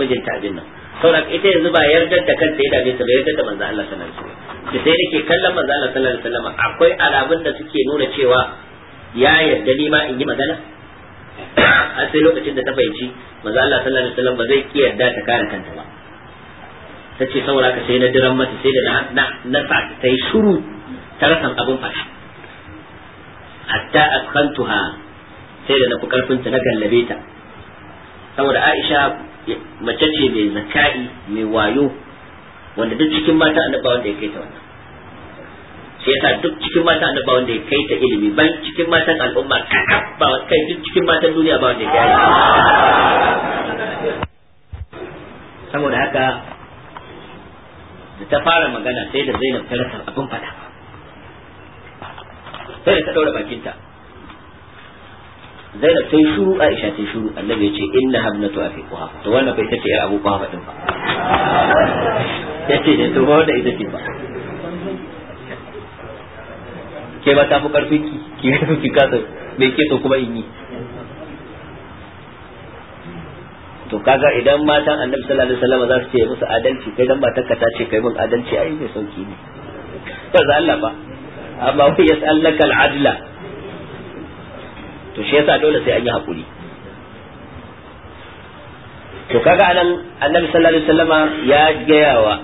mijinta abin nan saboda ita yanzu ba yardar da kanta ya dame ta ba yardar da manzo Allah sallallahu alaihi wasallam da sai nake kallon manzo Allah sallallahu alaihi wasallam akwai alamun da suke nuna cewa ya yarda ni ma in yi magana a sai lokacin da ta fahimci manzo Allah sallallahu alaihi wasallam ba zai ki yarda ta kare kanta ba ta ce saboda ka sai na diran mata sai da na na sa ta yi shiru ta rasa abin fada hatta askantuha sai da na fi karfin ta na gallabe ta saboda Aisha mace ce mai zaka'i mai wayo wanda duk cikin mata annaba wanda ya kai ta wannan sai yasa duk cikin mata annaba wanda ya kai ta ilimi ban cikin matan al'umma kakaf ba kai duk cikin matan duniya ba wanda ya kai saboda haka da ta fara magana sai da Zainab ta rasa abin fada sai da ta daura bakinta zainab ta yi shuru aisha ta yi shuru annabi ya ce inna habnatu afi kuha to wannan bai tace yar abu kuhafa din eh, ba yace ne to wanda ita ce ba ke ba ta fi karfi ki ki [LAUGHS] ki kasa me ke so kuma in yi to kaga idan matan annabi sallallahu alaihi wasallam za su ce musu adalci kai dan matarka ta ce kai mun adalci ai mai sauki ne ba za Allah ba amma fi yas'alaka al-adla to shi yasa dole sai an yi hakuri to kaga anan annabi sallallahu alaihi wasallama ya gaya wa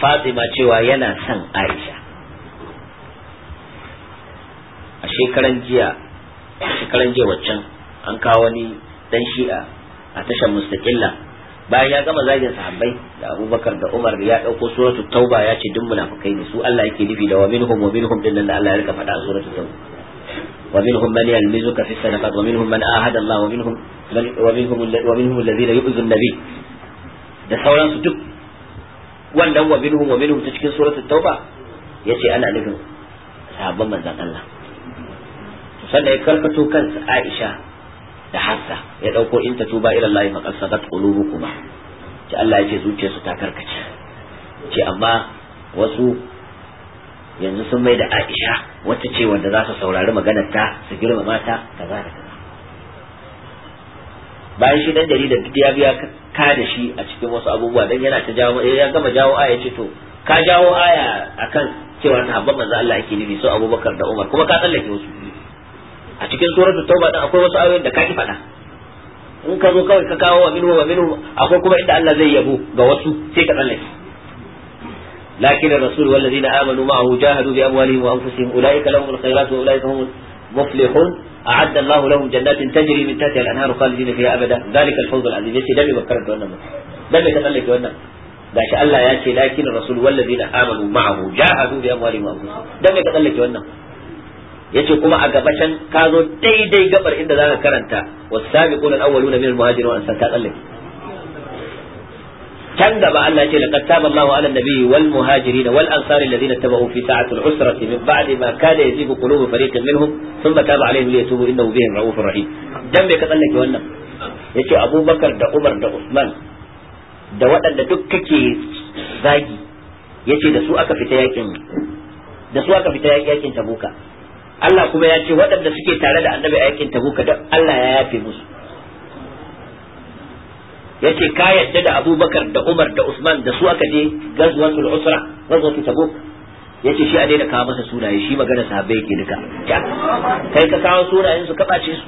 fatima cewa yana son aisha a shekaran jiya shekaran jiya waccan an kawo wani dan shi'a a tashar mustaqilla bayan ya gama zagin sahabbai da abubakar da umar ya dauko suratu tauba ya ce duk munafikai ne su Allah yake nufi da wa minhum wa minhum din da Allah ya rika faɗa a suratu tauba ومنهم من يلمزك في الصدقات ومنهم من آهد الله ومنهم من ومنهم ومنهم الذين يؤذوا النبي da sauransu duk wannan wa minhum wa minhum ta cikin suratul tauba yace ana nufin sahabban manzon Allah sannan ya karkato kansa Aisha da hassa ya dauko in tuba ila Allah fa qasadat qulubukuma ce Allah ya ce zuciyarsu ta karkace ce amma wasu yanzu sun mai da aisha wata ce wanda za su saurari maganar ta su girmama ta kaza da kaza bayan shi dan jaridar duk ya biya ka da shi a cikin wasu abubuwa dan yana ta jawo eh, ya gama jawo aya ce to ka jawo aya akan cewa sahabban manzo Allah yake nufi so Abubakar da Umar kuma ka tsallake wasu a cikin suratul tauba da akwai wasu ayoyin da ka ki faɗa in ka zo kawai ka kawo wa minhu wa minhu akwai kuma inda Allah zai yabo ga wasu sai ka tsallake لكن الرسول والذين آمنوا معه جاهدوا بأموالهم وأنفسهم أولئك لهم الخيرات وأولئك هم المفلحون أعد الله لهم جنات تجري من تحتها الأنهار خالدين فيها أبدا ذلك الفوز العظيم يسي دمي بكر دون دمي تملك دون gashi Allah ya ce lakin rasul wallazina amanu ma'ahu jahadu bi amwalihim wa anfusihim ka tsallake wannan yace kuma a gaba ka zo daidai gabar inda ka karanta was sabiqun al awwaluna min al muhajirin wa ansar tsallake can gaba Allah ce laqad taba Allahu 'ala an-nabiyyi wal muhajirin wal ansari alladhina tabahu fi sa'ati al-usrati min ba'di ma kada yazibu qulubu fariqin minhum thumma taba 'alayhim liyatubu innahu bihim ra'ufur rahim dan bai ka tsallake wannan yace Abubakar da Umar da Usman da waɗanda duk kake zagi yace da su aka fita yakin da Allah kuma ya ce waɗanda suke tare da annabi a yakin Tabuka da Allah ya yafe musu yace ka yadda da abubakar da umar da usman da su aka je gazwatul usra gazwatul tabuk yace shi a daina kawo masa sunaye shi magana sahabbai yake duka kai ka kawo sunayen su ka bace su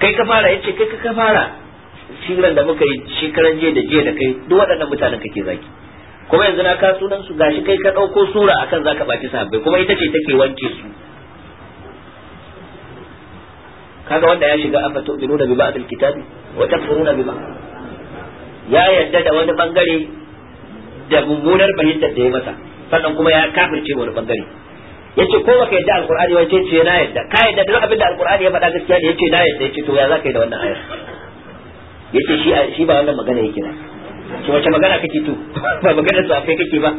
kai ka fara yace kai ka fara shirin da muka yi shekaran jiya da jiya da kai duk waɗannan mutanen kake zaki kuma yanzu na ka sunan su gashi kai ka ɗauko sura akan zaka baci sahabbai kuma ita ce take wanke su kaga wanda ya shiga afa tu'minuna bi ba'd al-kitabi wa takfuruna bi ba'd ya yadda da wani bangare da mummunar fahimtar da ya masa sannan kuma ya kafirce wani bangare yace ko baka yadda alqur'ani wai ce ce na yadda ka yadda duk abin da alqur'ani ya faɗa gaskiya ne yace na yadda yace to ya zaka yi da wannan ayar yace shi shi ba wannan magana yake ba to wace magana kake to ba magana su akai kake ba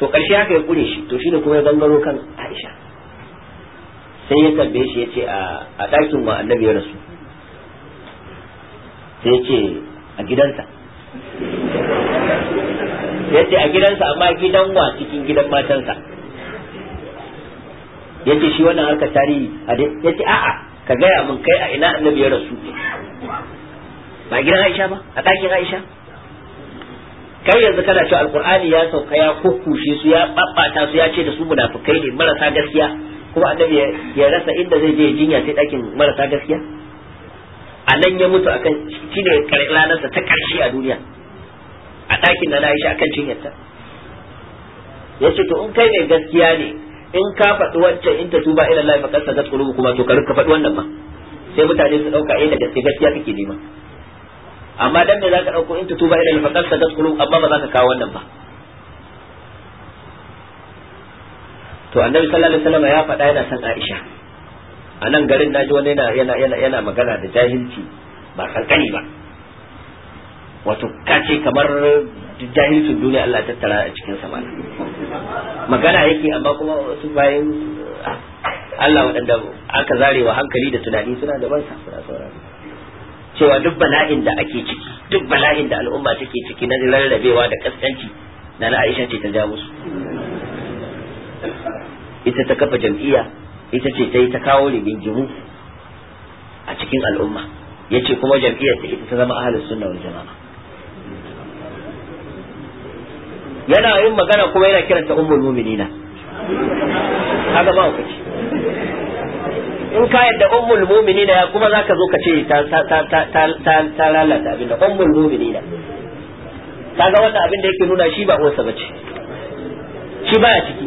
to karshe haka ya kure shi to shine kuma ya gangaro kan Aisha sai ya tambaye shi ya ce a ɗakin wa annabi ya rasu sai ya ce a gidansa Sai ya ce a gidansa amma gidan wa cikin gidan matansa ya ce shi wannan harkar tarihi ya ce a'a ka gaya mun kai a ina annabi ya rasu ba gidan aisha ba a ɗakin aisha kai yanzu kana cewa alkur'ani ya sauka ya kukkushe su ya ɓaɓɓata su ya ce da su munafukai ne marasa gaskiya kuma annabi ya rasa inda zai je jinya sai dakin marasa gaskiya a nan ya mutu akan shine ranarsa ta karshe a duniya a dakin da na yi shi akan jinyarta ya ce to in kai mai gaskiya ne in ka faɗi wancan in ta tuba ila Allah faqad sadat qulubu kuma to ka rinka faɗi wannan ma sai mutane su dauka eh da gaske gaskiya kake nema amma dan me zaka dauko in ta tuba ila Allah faqad sadat qulubu amma ba za ka kawo wannan ba to annabi sallallahu alaihi wasallam ya faɗa yana san Aisha a nan garin naji wani yana yana yana yana magana da jahilci ba kankani ba wato kace kamar jahilcin duniya Allah tattara a cikin sama magana yake amma kuma wasu bayan ah, Allah waɗanda aka zarewa hankali da tunani suna da ban suna saurari cewa duk bala'in da ake ciki duk bala'in da al'umma take ciki na rarrabewa da kaskanci na Aisha ce ta ja musu ita ta kafa jam'iyya ita ce ta yi ta kawo rigingimu a cikin al'umma ya ce kuma jam'iyyar ta ita ta zama ahalus sunna wal jama'a yana yin magana kuma yana kiranta ummul mu'minina kaga ba ku ce in ka yadda ummul mu'minina ya kuma zaka zo ka ce ta ta ta ta lalata abinda ummul mu'minina kaga wannan abin da yake nuna shi ba uwarsa bace shi baya ciki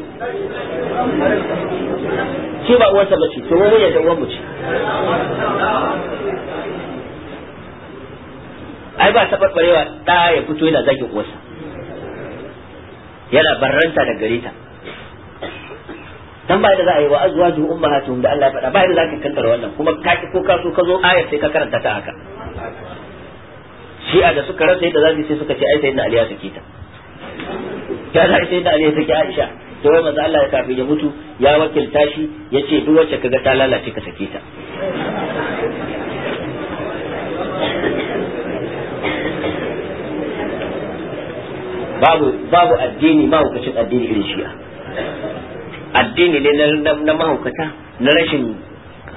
shi ba uwarsa ba ce to wani yadda uwar mu ce ai ba tabarbarewa da ya fito yana zaki uwarsa yana barranta da gare ta dan ba da za a yi wa azwaju ummahatuhum da Allah ya faɗa ba da za ka kantar wannan kuma ka ki ko ka so ka zo ayar sai ka karanta ta haka a da suka rasa yadda za su sai suka ce ai sai Ali ya sake ta ya da sai da ne saki Aisha to wai manzo Allah ya kafin ya mutu ya wakilta shi yace duk wacce kaga ta lalace ka sake ta babu babu addini mahaukacin addini irin shi addini ne na mahaukata na rashin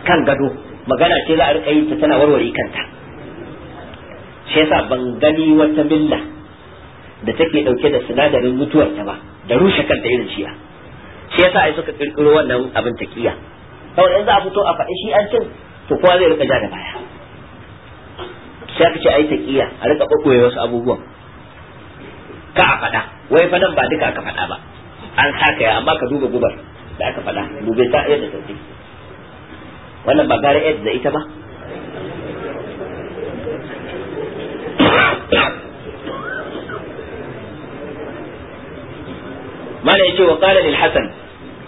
kan gado magana ce za a rika yi ta tana warware kanta shi yasa ban gani wata billa. da take dauke da sinadarin mutuwar ta ba da rushe kanta irin ciya shi yasa ai suka kirkiro wannan abin takiya kawai yanzu a fito a faɗi shi an cin to kowa zai rika ja da baya sai aka ce ai takiya a rika kokoye wasu abubuwan ka a faɗa wai fa nan ba duka aka faɗa ba an haka ya amma ka duba gubar da aka faɗa dubai ta yadda take wannan ba gare yadda ita ba mala yace wa qala lil hasan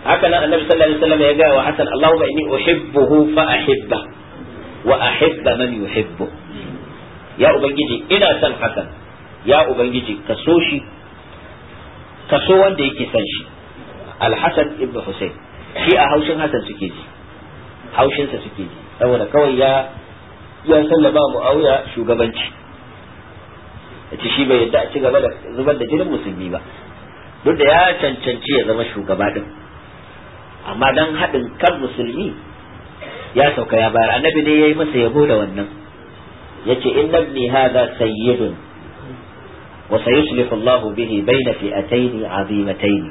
haka nan annabi sallallahu alaihi wasallam ya ga wa hasan allahumma inni uhibbuhu fa ahibba wa ahibba man yuhibbu ya ubangiji ina son hasan ya ubangiji ka so shi ka so wanda yake son shi al-hasan ibnu husayn shi a haushin hasan suke ji haushinsa suke ji saboda kawai ya ya sallaba mu'awiya shugabanci yace shi bai yadda a ci gaba da zubar da jinin musulmi ba duk da ya cancanci ya zama shugaba din amma dan haɗin kan musulmi ya sauka ya bayar annabi ne ya yi masa yabo da wannan yace inna ibni hada sayyidun wa sayuslihu Allahu bihi bayna fi'atayn 'azimatayn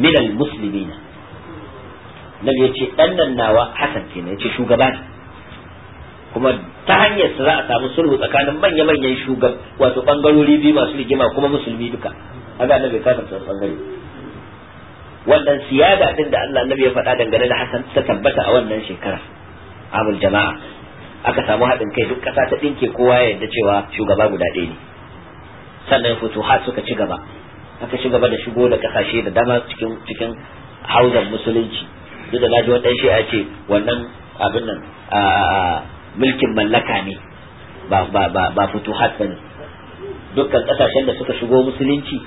min al-muslimin nabi yace dan nan nawa hasan kenan yace shugaba ne kuma ta hanyar su za a samu sulhu tsakanin manya-manyan shugab wato bangarori biyu masu rigima kuma musulmi duka haka annabi ka tantance bangare wannan siyada din da Allah annabi ya faɗa dangane da Hassan ta tabbata a wannan shekara amul jama'a aka samu haɗin kai duk ƙasa ta ɗinke kowa ya yadda cewa shugaba guda ɗaya ne sannan futuhat suka ci gaba aka ci gaba da shigo da ƙasashe da dama cikin cikin hauzan musulunci duk da naji wannan shi'a ce wannan abin nan mulkin mallaka ne ba ba ba futuhat bane dukkan kasashen da suka shigo musulunci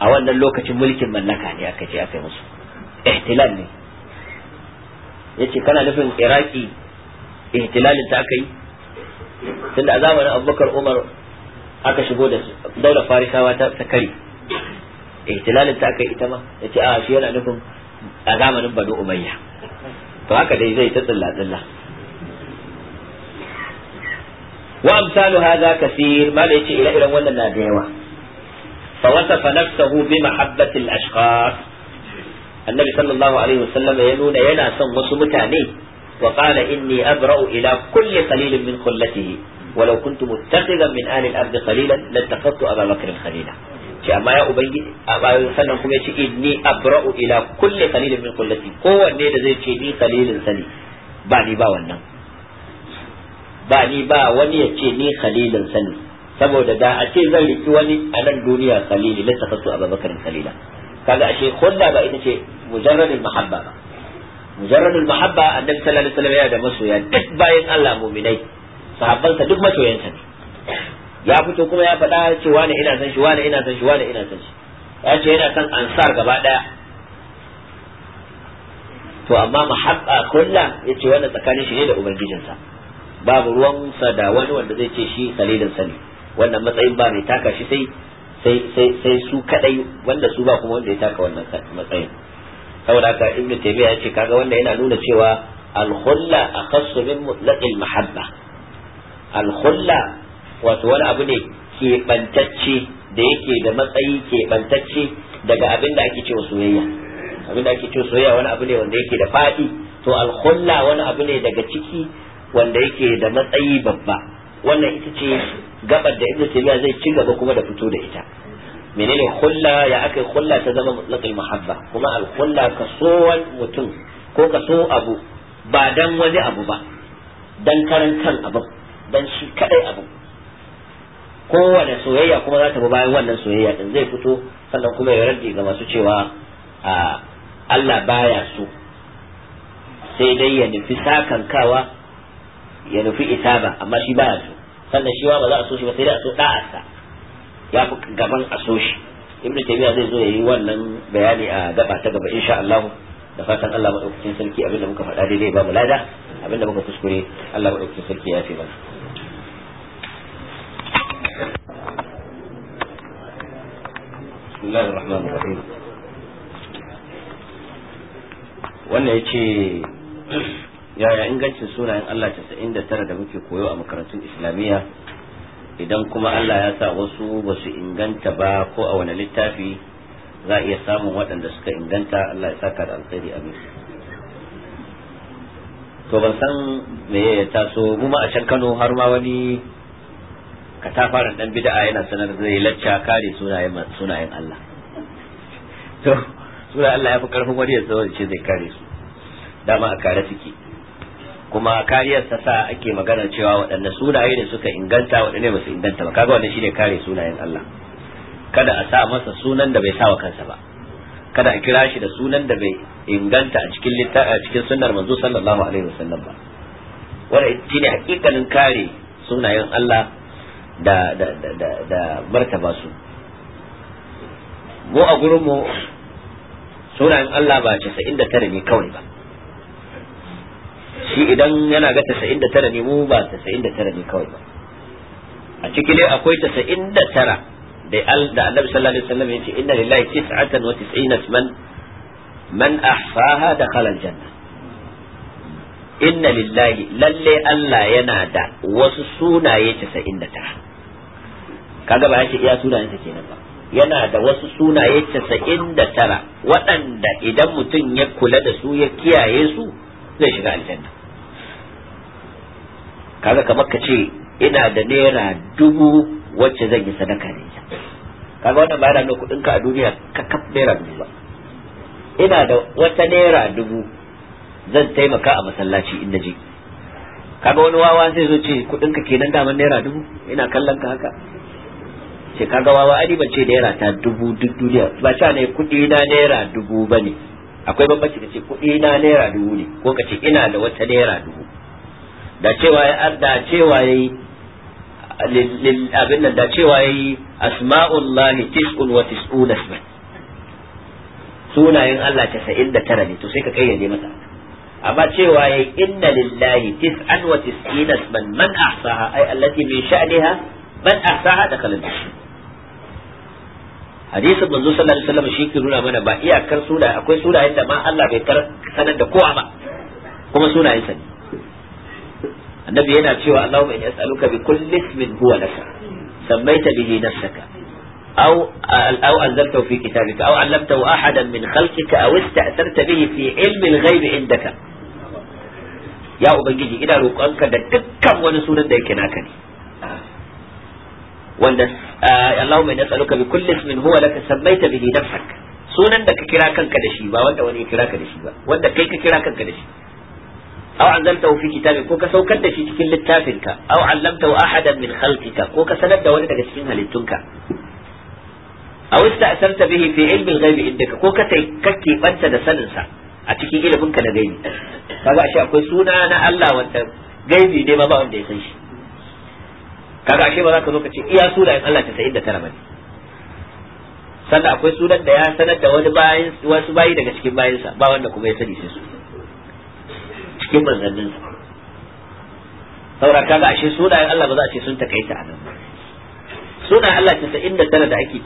a wannan lokacin mulkin mallaka ne aka ce aka yi musu ihtilal ne yace kana nufin iraki ihtilalin ta aka yi tunda a zamanin abubakar umar aka shigo da daular farisawa ta kare ihtilalin ta aka yi ita ma yace a shi yana nufin a zamanin banu umayya to haka dai zai ta tsilla tsilla wa amsalu hadha kaseer ma da yace ire-iren wannan na da yawa fa wasafa nafsahu bi mahabbati al annabi sallallahu alaihi wasallam ya nuna yana son wasu mutane wa in inni abra'u ila kulli qalilin min khullatihi walau kuntu muttaqidan min ahli al-ard qalilan lattaqattu Abu Bakr khalila ce amma ya ubangiji sannan kuma ya ce inni abra'u ila kulli qalilin min khullati kowanne da zai ce ni ba ni ba wannan ba ni ba wani ya ce ni khalilin sani saboda da a ce zan riki wani a nan duniya kalili lissa fasu abubakar kalila kaga ashe khulda ba ita ce mujarradul mahabba ba mujarradul mahabba annabi sallallahu alaihi wasallam ya da masoya duk bayan Allah mu'minai sahabbansa duk masoyansa ne ya fito kuma ya faɗa cewa ne ina san shi wani ina san shi wani ina san shi ya ce yana san ansar gaba daya to amma mahabba kulla yace wannan tsakanin shi ne da ubangijinsa babu ruwan sa da wani wanda zai ce shi kalilin sani ne wannan matsayin ba mai taka shi sai sai su kadai wanda su ba kuma wanda ya taka wannan matsayin saboda haka ibnu taymiya yace kaga wanda yana nuna cewa al-khulla akhassu min al mahabba al-khulla wato wani abu ne ke bantacce da yake da matsayi ke bantacce daga abin da ake cewa soyayya abin da ake cewa soyayya wani abu ne wanda yake da fadi to al-khulla wani abu ne daga ciki wanda yake da matsayi babba wannan ita ce gabar da ibnu taymiya zai ci gaba kuma da fito da ita menene khulla ya akai khulla ta zama mutlaqil muhabba? kuma al khulla kasowan mutum ko kaso abu ba dan wani abu ba dan karan kan abu dan shi kadai abu kowane soyayya kuma za ta bayan wannan soyayya din zai fito sannan kuma ya rage ga masu cewa a Allah baya so sai dai ya nufi sakankawa ya nufi isaba amma shi baya so sannan shi ba za a so shi ba sai dai a so da'arsa ya fi gaban a so shi ibnu taymiya zai zo yayi wannan bayani a gaba ta gaba insha Allah da fatan Allah madaukakin sarki abinda muka faɗa daidai ba mu lada abinda muka kuskure Allah madaukakin sarki ya fi mana بسم الله الرحمن wannan yace yaya ingancin sunayen Allah 99 da muke koyo a makarantun islamiyya idan kuma Allah ya sa wasu ba su inganta ba ko a wani littafi za a iya samun waɗanda suka inganta Allah ya sa ka da alkhairi amin to ban san me ya taso mu ma a can Kano har ma wani katafaren dan bid'a yana sanar zai lacca kare sunayen sunayen Allah to sunayen Allah ya fi karfin wani ya zo ce zai kare su dama a kare suke kuma kariyar ta sa ake magana cewa waɗanne sunaye ne suka inganta waɗanne ba su inganta ba kaga wannan shine kare sunayen Allah kada a sa masa sunan da bai sa wa kansa ba kada a kira shi da sunan da bai inganta a cikin littafi a cikin sunnar manzo sallallahu alaihi wasallam ba wannan shine hakikanin kare sunayen Allah da da da da, da martaba su mu a gurin mu sunayen Allah ba 99 ne kawai ba shi idan yana ga 99 ne mu ba 99 ne kawai ba a ciki dai akwai 99 da tara da annabi sallallahu alaihi wasallam ce inna lillahi tis'ina man man ahsaha dakhala aljanna inna lillahi lalle Allah yana da wasu sunaye 99 kaga ba ce iya sunayen sa kenan ba yana da wasu sunaye 99 waɗanda idan mutum ya kula da su ya kiyaye su zai shiga aljanna kaga kamar ka ce ina da naira dubu wacce zan yi sadaka ne. ita kaga wannan bayan nuna kudin ka a duniya ka kaf naira dubu ba ina da wata naira dubu zan taimaka a masallaci in na je kaga wani wawa zai zo ce kudin ka kenan daman naira dubu ina kallon ka haka ce kaga wawa ani ban ce naira ta dubu duk duniya ba sha ne kudi na naira dubu bane akwai bambanci ce kuɗi na naira dubu ne ko kace ina da wata naira dubu da cewa ya da cewa yayi abin nan da cewa yayi asma'ullahi tis'un wa tis'una isman sunayen Allah 99 ne to sai ka kayyade masa amma cewa yayi inna lillahi tis'an wa tis'ina isman man ahsaha ay allati min sha'niha man ahsaha dakhala al-jannah hadisi manzo sallallahu alaihi wasallam shi ke nuna mana ba iyakar sunaye akwai sunayen da ma Allah bai kar sanar da kowa ba kuma sunayen sa annabi yana cewa Allahumma inni as'aluka bi kulli ismin huwa laka sammaita bihi nafsaka aw aw anzaltahu fi kitabika aw 'allamtahu ahadan min khalqika aw ista'tharta bihi fi 'ilmi al-ghaib 'indaka ya ubangiji ina roƙonka da dukkan wani sunan da yake naka ne wanda Allahumma inna nas'aluka bi kulli ismin huwa laka sammaita bihi nafsak sunan da ka kira kanka da shi ba wanda wani ya kira ka da shi ba wanda kai ka kira kanka da shi aw anzaltahu fi kitabik ko ka saukar da shi cikin littafin littafinka aw allamtahu ahadan min khalqika ko ka sanar da wani daga cikin halittunka aw ista'sarta bihi fi ilmi al-ghaibi indaka ko ka tai kake banta da sanin sa a cikin ilimin ka na gaibi kaga ashe akwai suna na Allah wanda gaibi ne ma ba wanda ya san shi kaga ashe ba za ka zo ka ce iya sunayen Allah 99 bane sannan akwai sunan da ya sanar da wani bayan wasu bayi daga cikin bayansa ba wanda kuma ya sani sai su cikin manzannin sa saboda kaga ashe sunayen Allah ba za a ce sun takaita a nan sunayen Allah 99 da ake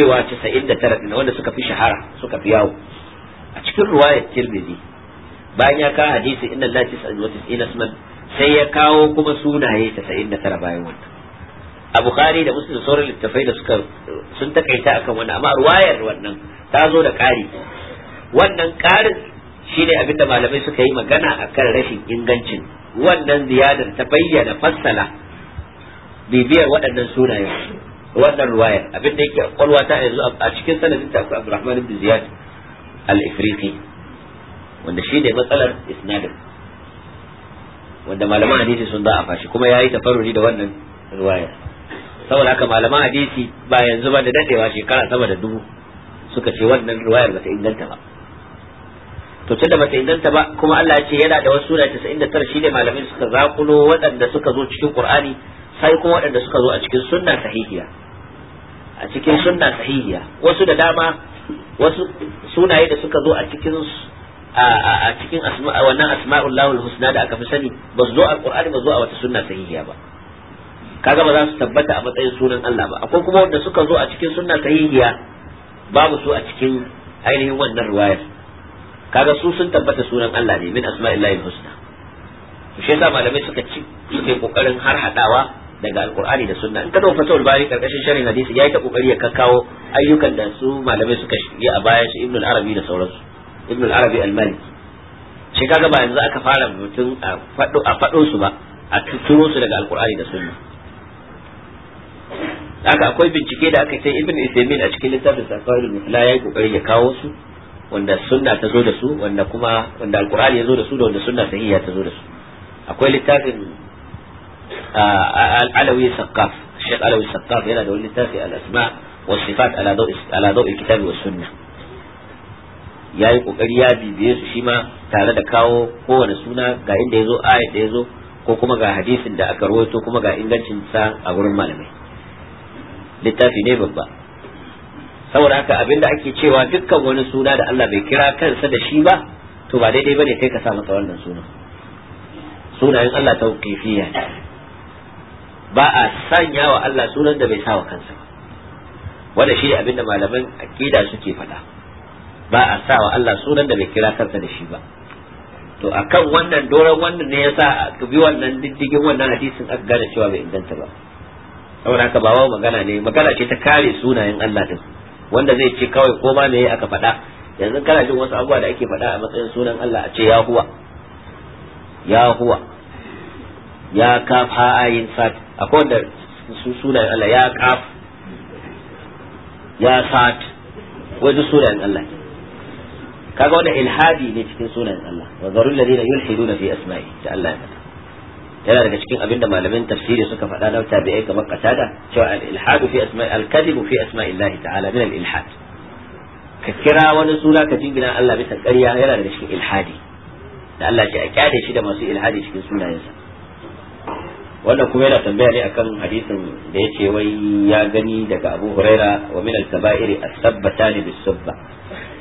cewa 99 din wanda suka fi shahara suka fi yawo a cikin ruwayar Tirmidhi bayan ya ka hadisi inna lillahi 99 isman sai ya kawo kuma sunaye 99 bayan wannan a bukhari da musulun sauran littafai da suka sun takaita akan wannan amma ruwayar wannan ta zo da ƙari wannan ƙarin shi ne abinda malamai suka yi magana a kan rashin ingancin wannan ziyadar ta bayyana fassala bibiyar waɗannan sunaye wannan ruwayar abinda yake kwalwa ta yanzu a cikin sanadin ta akwai Abdulrahman bin Ziyad al-Ifriqi wanda shi ne matsalar isnadin wanda malaman hadisi sun da fashi kuma yayi tafarruri da wannan ruwaya saboda haka malaman hadisi ba yanzu ba da dadewa shekara sama da dubu suka ce wannan ba bata inganta ba to tunda bata inganta ba kuma Allah ya ce yana da wasu sura 99 shine malamai suka zakulo waɗanda suka zo cikin Qur'ani sai kuma waɗanda suka zo a cikin sunna sahihiya a cikin sunna sahihiya wasu da dama wasu sunaye da suka zo a cikin a cikin wannan wannan asma'ullahi husna da aka fi sani ba zo a qur'ani ba zo a wata sunna sahihiya ba kaga ba za su tabbata a matsayin sunan Allah ba akwai kuma wanda suka zo a cikin sunna sahihiya babu su a cikin ainihin wannan riwaya kaga su sun tabbata sunan Allah ne min asma'illahi husna shi yasa malamai suka ci suke kokarin har hadawa daga alkur'ani da sunna in ka dauka fatul bari karkashin sharhin hadisi yayi ta kokari ya kakkawo ayyukan da su malamai suka yi a baya su ibnu al-arabi da sauransu ibn al-arabi al-maliki shi kaga ba yanzu aka fara mutum a fado a fado su ba a tuturo su daga alqur'ani da sunna haka akwai bincike da aka yi ibn isaimin a cikin littafin safar al mufla yayi kokari ya kawo su wanda sunna ta zo da su wanda kuma wanda alqur'ani ya zo da su da wanda sunna sahiha ta zo da su akwai littafin al-alawi saqaf shaykh alawi saqaf yana da wani littafi al-asma' والصفات على ضوء على ضوء الكتاب والسنه ya yi kokari ya bibiye su shi ma tare da kawo kowane suna ga inda ya zo ayat da ya zo ko kuma ga hadisin da aka rawaito kuma ga ingancin sa a gurin malamai littafi ne babba saboda haka abinda ake cewa dukkan wani suna da Allah bai kira kansa da shi ba to ba daidai bane kai ka sa masa wannan suna sunayen Allah tauqifiyya ba a sanya wa Allah sunan da bai sa wa kansa ba wanda shi abinda malaman akida suke faɗa ba a sa wa Allah sunan da bai kira kansa da shi ba to akan wannan doron wannan ne yasa ka bi wannan diddigin wannan hadisin aka gane cewa bai inganta ba saboda haka ba magana ne magana ce ta kare sunayen Allah din wanda zai ce kawai ko ma meye aka faɗa yanzu kana jin wasu abubuwa da ake faɗa a matsayin sunan Allah a ce ya huwa ya huwa ya kaf ha ayin sat akwai wanda sunayen Allah ya kaf ya sat wani sunayen Allah kaga wannan ilhadi ne cikin sunayen Allah wa zarul ladina yulhiduna fi asma'i ta Allah ya yana daga cikin abinda malamin tafsiri suka faɗa na tabi'ai kamar qatada cewa al ilhadu fi asma'i al kadhibu fi asma'i Allah ta'ala min al ilhad ka kira wani suna ka jingina Allah bisa ƙarya yana daga cikin ilhadi da Allah ce a kyale shi da masu ilhadi cikin sunayensa wannan kuma yana tambaya ne akan hadisin da yace wai ya gani daga Abu Huraira wa min al-kaba'iri as-sabbatani bis-subba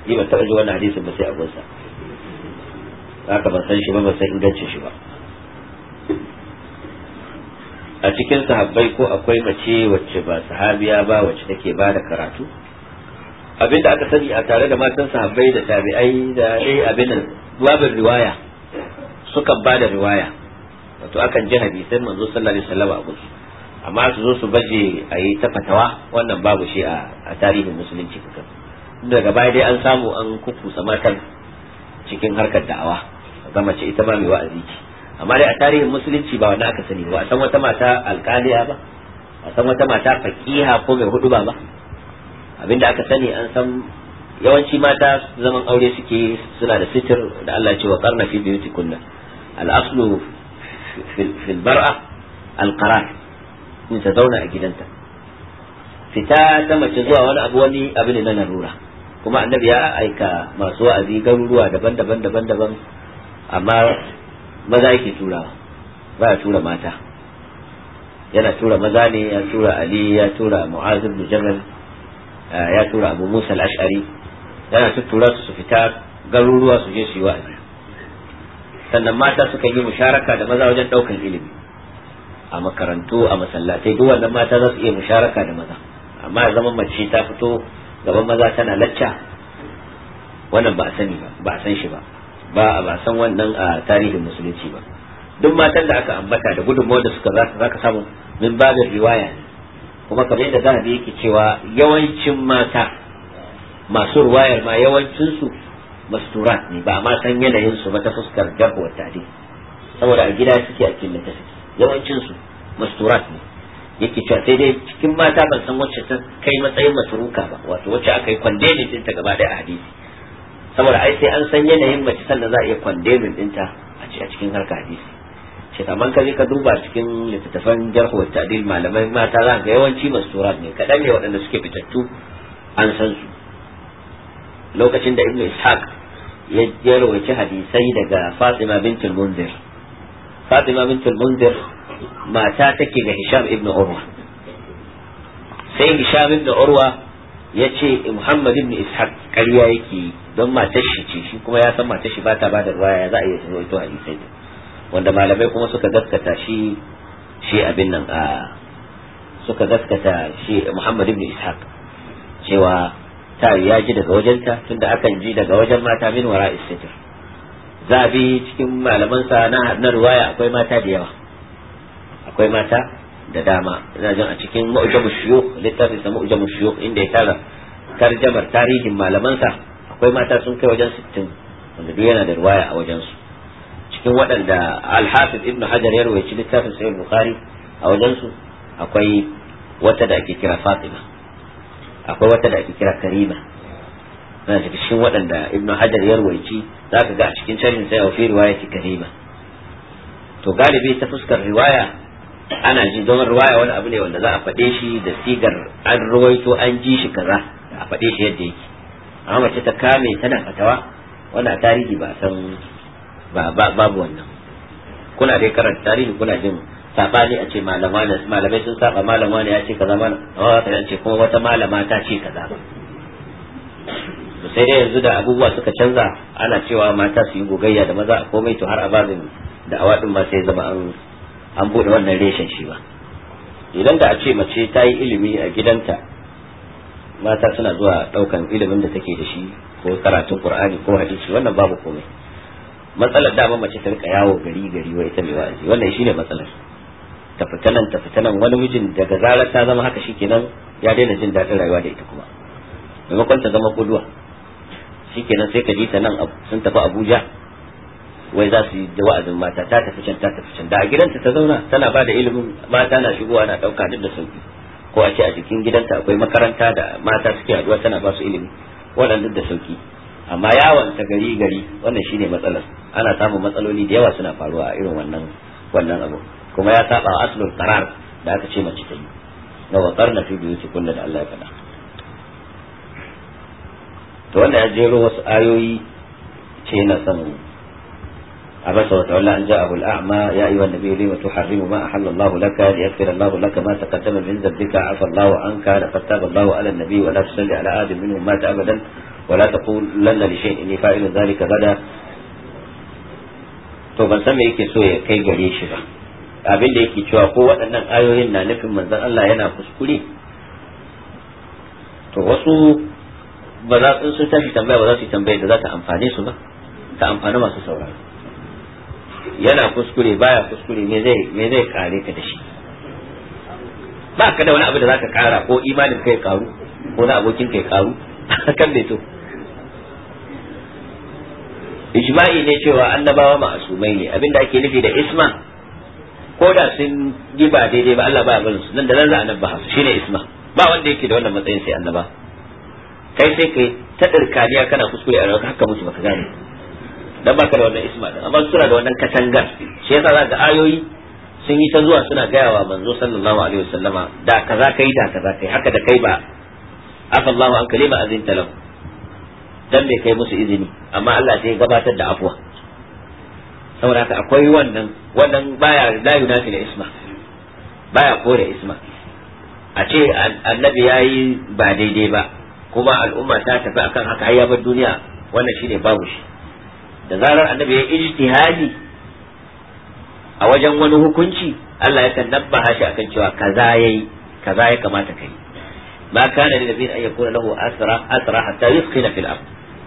yi ba taɓa ji wannan hadisin ba sai a gunsa haka ba san shi ba ba san ingancin shi ba a cikin sahabbai ko akwai mace wacce ba sahabiya ba wacce take ba da karatu abin da aka sani a tare da matan sahabbai da tabi'ai da ai abin da babin riwaya sukan ba da riwaya wato akan ji hadisan manzo sallallahu alaihi wasallam a amma su zo su baje a yi ta fatawa wannan babu shi a tarihin musulunci kuka daga baya dai an samu an kuku matan cikin harkar da'awa zama ce ita ma mai wa'azi ce amma dai a tarihin musulunci ba wani aka sani ba a san wata mata alkaliya ba a san wata mata faqiha ko mai hudu ba ba abinda aka sani an san yawanci mata zaman aure suke suna da sitir da Allah ce wa qarna fi biyutikunna al-aslu fil bar'a al-qarar ta zauna a gidanta fita ta mace zuwa wani abu wani abu ne na larura kuma annabi ya aika masu wa'azi garuruwa daban-daban daban-daban amma maza yake tura ba ya tura mata yana tura maza ne ya tura ali ya tura mu'az ibn jabal eh, ya tura abu musa al-ash'ari yana tura su fita garuruwa su je su yi wa'azi sannan mata suka yi musharaka da maza wajen daukar ilimi a makarantu a masallatai duk wannan mata za su iya musharaka da maza amma zaman mace ta fito gaban maza tana lacca wannan ba a sani ba ba a san shi ba ba a ba san wannan a tarihin musulunci ba duk matan da aka ambata da gudun da suka za ka samu min babin riwaya ne kuma kamar yadda zahabi yake cewa yawancin mata masu ruwayar ma yawancinsu masturat ne ba ma san yanayin su ba ta fuskar jarhu tare saboda a gida suke a killata suke yawancin su ne yake cewa sai dai cikin mata ban san wacce ta kai matsayin masuruka ba wato wacce aka yi kwandemin dinta gaba da hadisi saboda ai sai an san yanayin mace sannan za a iya kwandemin dinta a cikin harka hadisi ce kaman ka je ka duba cikin littattafan jarhu wa ta'dil malamai mata za ga yawanci masurat ne kadan ne waɗanda suke fitattu an san su lokacin da ibnu ishaq ya jarwaci hadisai daga fatima bintul munzir fatima bintul munzir mata take ga Hisham ibn Urwa sai Hisham ibn Urwa ya ce eh, Muhammad ibn Ishaq ƙarya yake don matar shi ce shi kuma ya san matar shi ba ta ba da ruwaya za a yi a hadisai wanda malamai kuma suka gaskata shi shi abin nan a suka gaskata shi eh, Muhammad ibn Ishaq cewa ta ya ji daga wajenta tunda akan ji daga wajen mata min wara istijir za a bi cikin malamansa na ruwaya akwai mata da yawa akwai mata da dama ina jin a cikin mu'jamu shuyukh littafin sa mu'jamu shuyukh inda ya tara tarjamar tarihin malamansa akwai mata sun kai wajen 60 wanda duk yana da riwaya a wajen su cikin waɗanda al-hafiz ibnu hajar ya rawaye littafin sahih bukhari a wajen su akwai wata da ake kira fatima akwai wata da ake kira karima na daga cikin waɗanda ibnu hajar ya rawaye zaka ga a cikin sharhin sai a fi riwaya karima to galibi ta fuskar riwaya ana ji don ruwaya wani abu ne wanda za a faɗe shi da sigar an ruwaito an ji shi kaza a faɗe shi yadda yake amma mace ta kame tana fatawa wannan tarihi ba san ba babu wannan kuna dai karanta tarihi kuna jin sabani a ce malama ne malamai sun saba malama ne ya ce kaza malama ta ce kuma wata malama ta ce kaza sai dai yanzu da abubuwa suka canza ana cewa mata su yi gogayya da maza a komai to har a babin da awadin ma sai zama an an buɗe wannan reshen shi ba idan da a ce mace ta yi ilimi a gidanta mata suna zuwa ɗaukan ilimin da take da shi ko karatun qur'ani ko hadisi wannan babu komai matsalar dama mace ta rika yawo gari gari wa ita mai wa'azi wannan shine matsalar ta fita nan ta fita nan wani mijin daga zarar ta zama haka shikenan ya daina jin daɗin rayuwa da ita kuma maimakon ta zama kuduwa shikenan sai ka ji ta nan sun tafi abuja wai za su yi da wa'azin mata ta tafi can ta tafi can da a gidanta ta zauna tana ba da ilimin mata na shigowa na ɗauka duk da sauki ko a ce a cikin gidanta akwai makaranta da mata suke haɗuwa tana ba su ilimi duk da sauki amma yawon ta gari gari wannan shine matsalar ana samun matsaloli da yawa suna faruwa a irin wannan wannan abu kuma ya saba aslul qarar da aka ce mace ta yi na wakar na fi biyu kunna da Allah ya faɗa to wanda ya jero wasu ayoyi ce na samu عبس وتولى أن جاءه الأعمى يا أيها النبي لم تحرم ما أحل الله لك ليغفر الله لك ما تقدم من ذنبك عفى الله عنك لقد تاب الله على النبي ولا تصلي على آدم منهم مات أبدا ولا لن لشيء إني فاعل ذلك غدا to ban san me yake so ya kai gare shi ba abin da yake cewa ko waɗannan ayoyin na nufin manzon Allah yana kuskure to wasu ba za su tashi tambaya da za masu sauraro yana kuskure baya kuskure me zai me zai kare ka da shi ba ka da wani abu da zaka kara ko imanin kai karu ko na abokin kai karu [LAUGHS] kan ne to ijma'i ne cewa annabawa ma'asumai ne abinda ake nufi da isma ko da sun yi ba daidai ba Allah baya barin su nan da nan za a nan ba su shine isma ba wanda yake da wannan matsayin sai annaba kai sai kai ta dirkaniya kana kuskure a haka mutu baka gane dan baka da wannan isma din amma suna da wannan katangar shi yasa za ga ayoyi sun yi ta zuwa suna gayawa manzo sallallahu alaihi wasallama da kaza kai da kaza kai haka da kai ba afa Allahu an kalima azin talab dan bai kai musu izini amma Allah sai gabatar da afwa saboda haka akwai wannan wannan baya la yunafi isma baya kore isma a ce annabi yayi ba daidai ba kuma al'umma ta tafi akan haka har ya bar duniya wannan shine babu shi da zarar annabi ya ijtihadi a wajen wani hukunci Allah ya nabbaha shi akan cewa kaza yayi kaza ya kamata kai ما كان للذين lahu asra asra hatta أسرى fil ard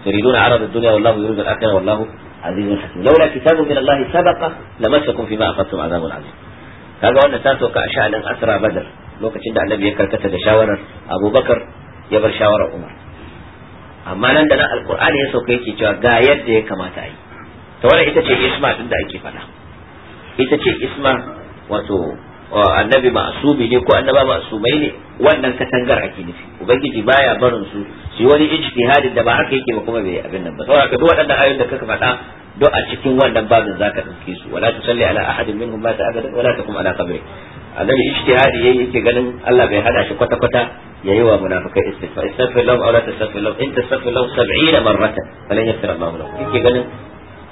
turiduna arad ad-dunya wallahu yuridu al-akhirah wallahu azizun hakim لولا كتاب min الله sabaqa لمسكم فيما أخذتم عذاب azim kaga wannan ta soka a sha'anin asra badar lokacin da annabi ya karkata da shawarar abubakar ya bar shawarar umar amma nan da nan alkur'ani ya sauka yake cewa ga yadda ya kamata a yi to wannan ita ce isma din da ake faɗa ita ce isma wato annabi ma'asubi ne ko annaba ma'asumai ne wannan katangar ake nufi ubangiji baya barin su shi wani ijtihadi da ba haka yake ba kuma bai abin nan ba saboda duk waɗannan ayoyin da kaka faɗa duk a cikin wannan babin zaka dauke su wala tusalli ala ahadin minhum mata ta'abada wala takum ala qabri annabi ijtihadi yayi yake ganin Allah bai hada shi kwata kwata yayi wa munafikai istighfar istighfar lahu aw la tastaghfir lahu in tastaghfir lahu 70 marratan falan yaghfir Allah lahu yake ganin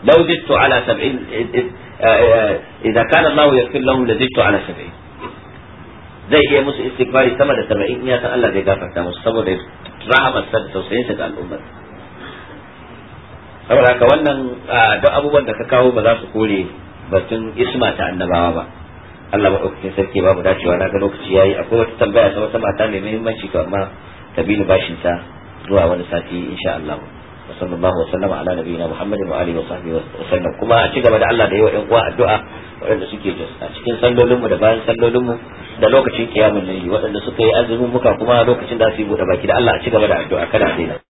law zidtu ala 70 idza kana Allah yaghfir lahu la zidtu ala 70 zai iya musu istighfari sama da 70 in ya san Allah zai gafarta musu saboda rahamar sa da tausayin sa ga al'umma saboda haka wannan ah, duk abubuwan da ka kawo ba za su kore batun isma ta annabawa ba Allah maɗaukacin sarki ba mu dacewa na ga lokaci yayi akwai wata tambaya ta wata mata mai muhimmanci to amma ta bi ni bashin ta zuwa wani sati insha Allah wa sallallahu wa sallama ala nabiyina Muhammadin wa alihi wa sahbihi wa sallam kuma a cigaba da Allah da yawa ƴan uwa addu'a waɗanda suke a cikin sallolin mu da bayan sallolin mu da lokacin nan yi waɗanda suka yi azumin muka kuma lokacin da su yi bude baki da Allah a cigaba da addu'a kada a daina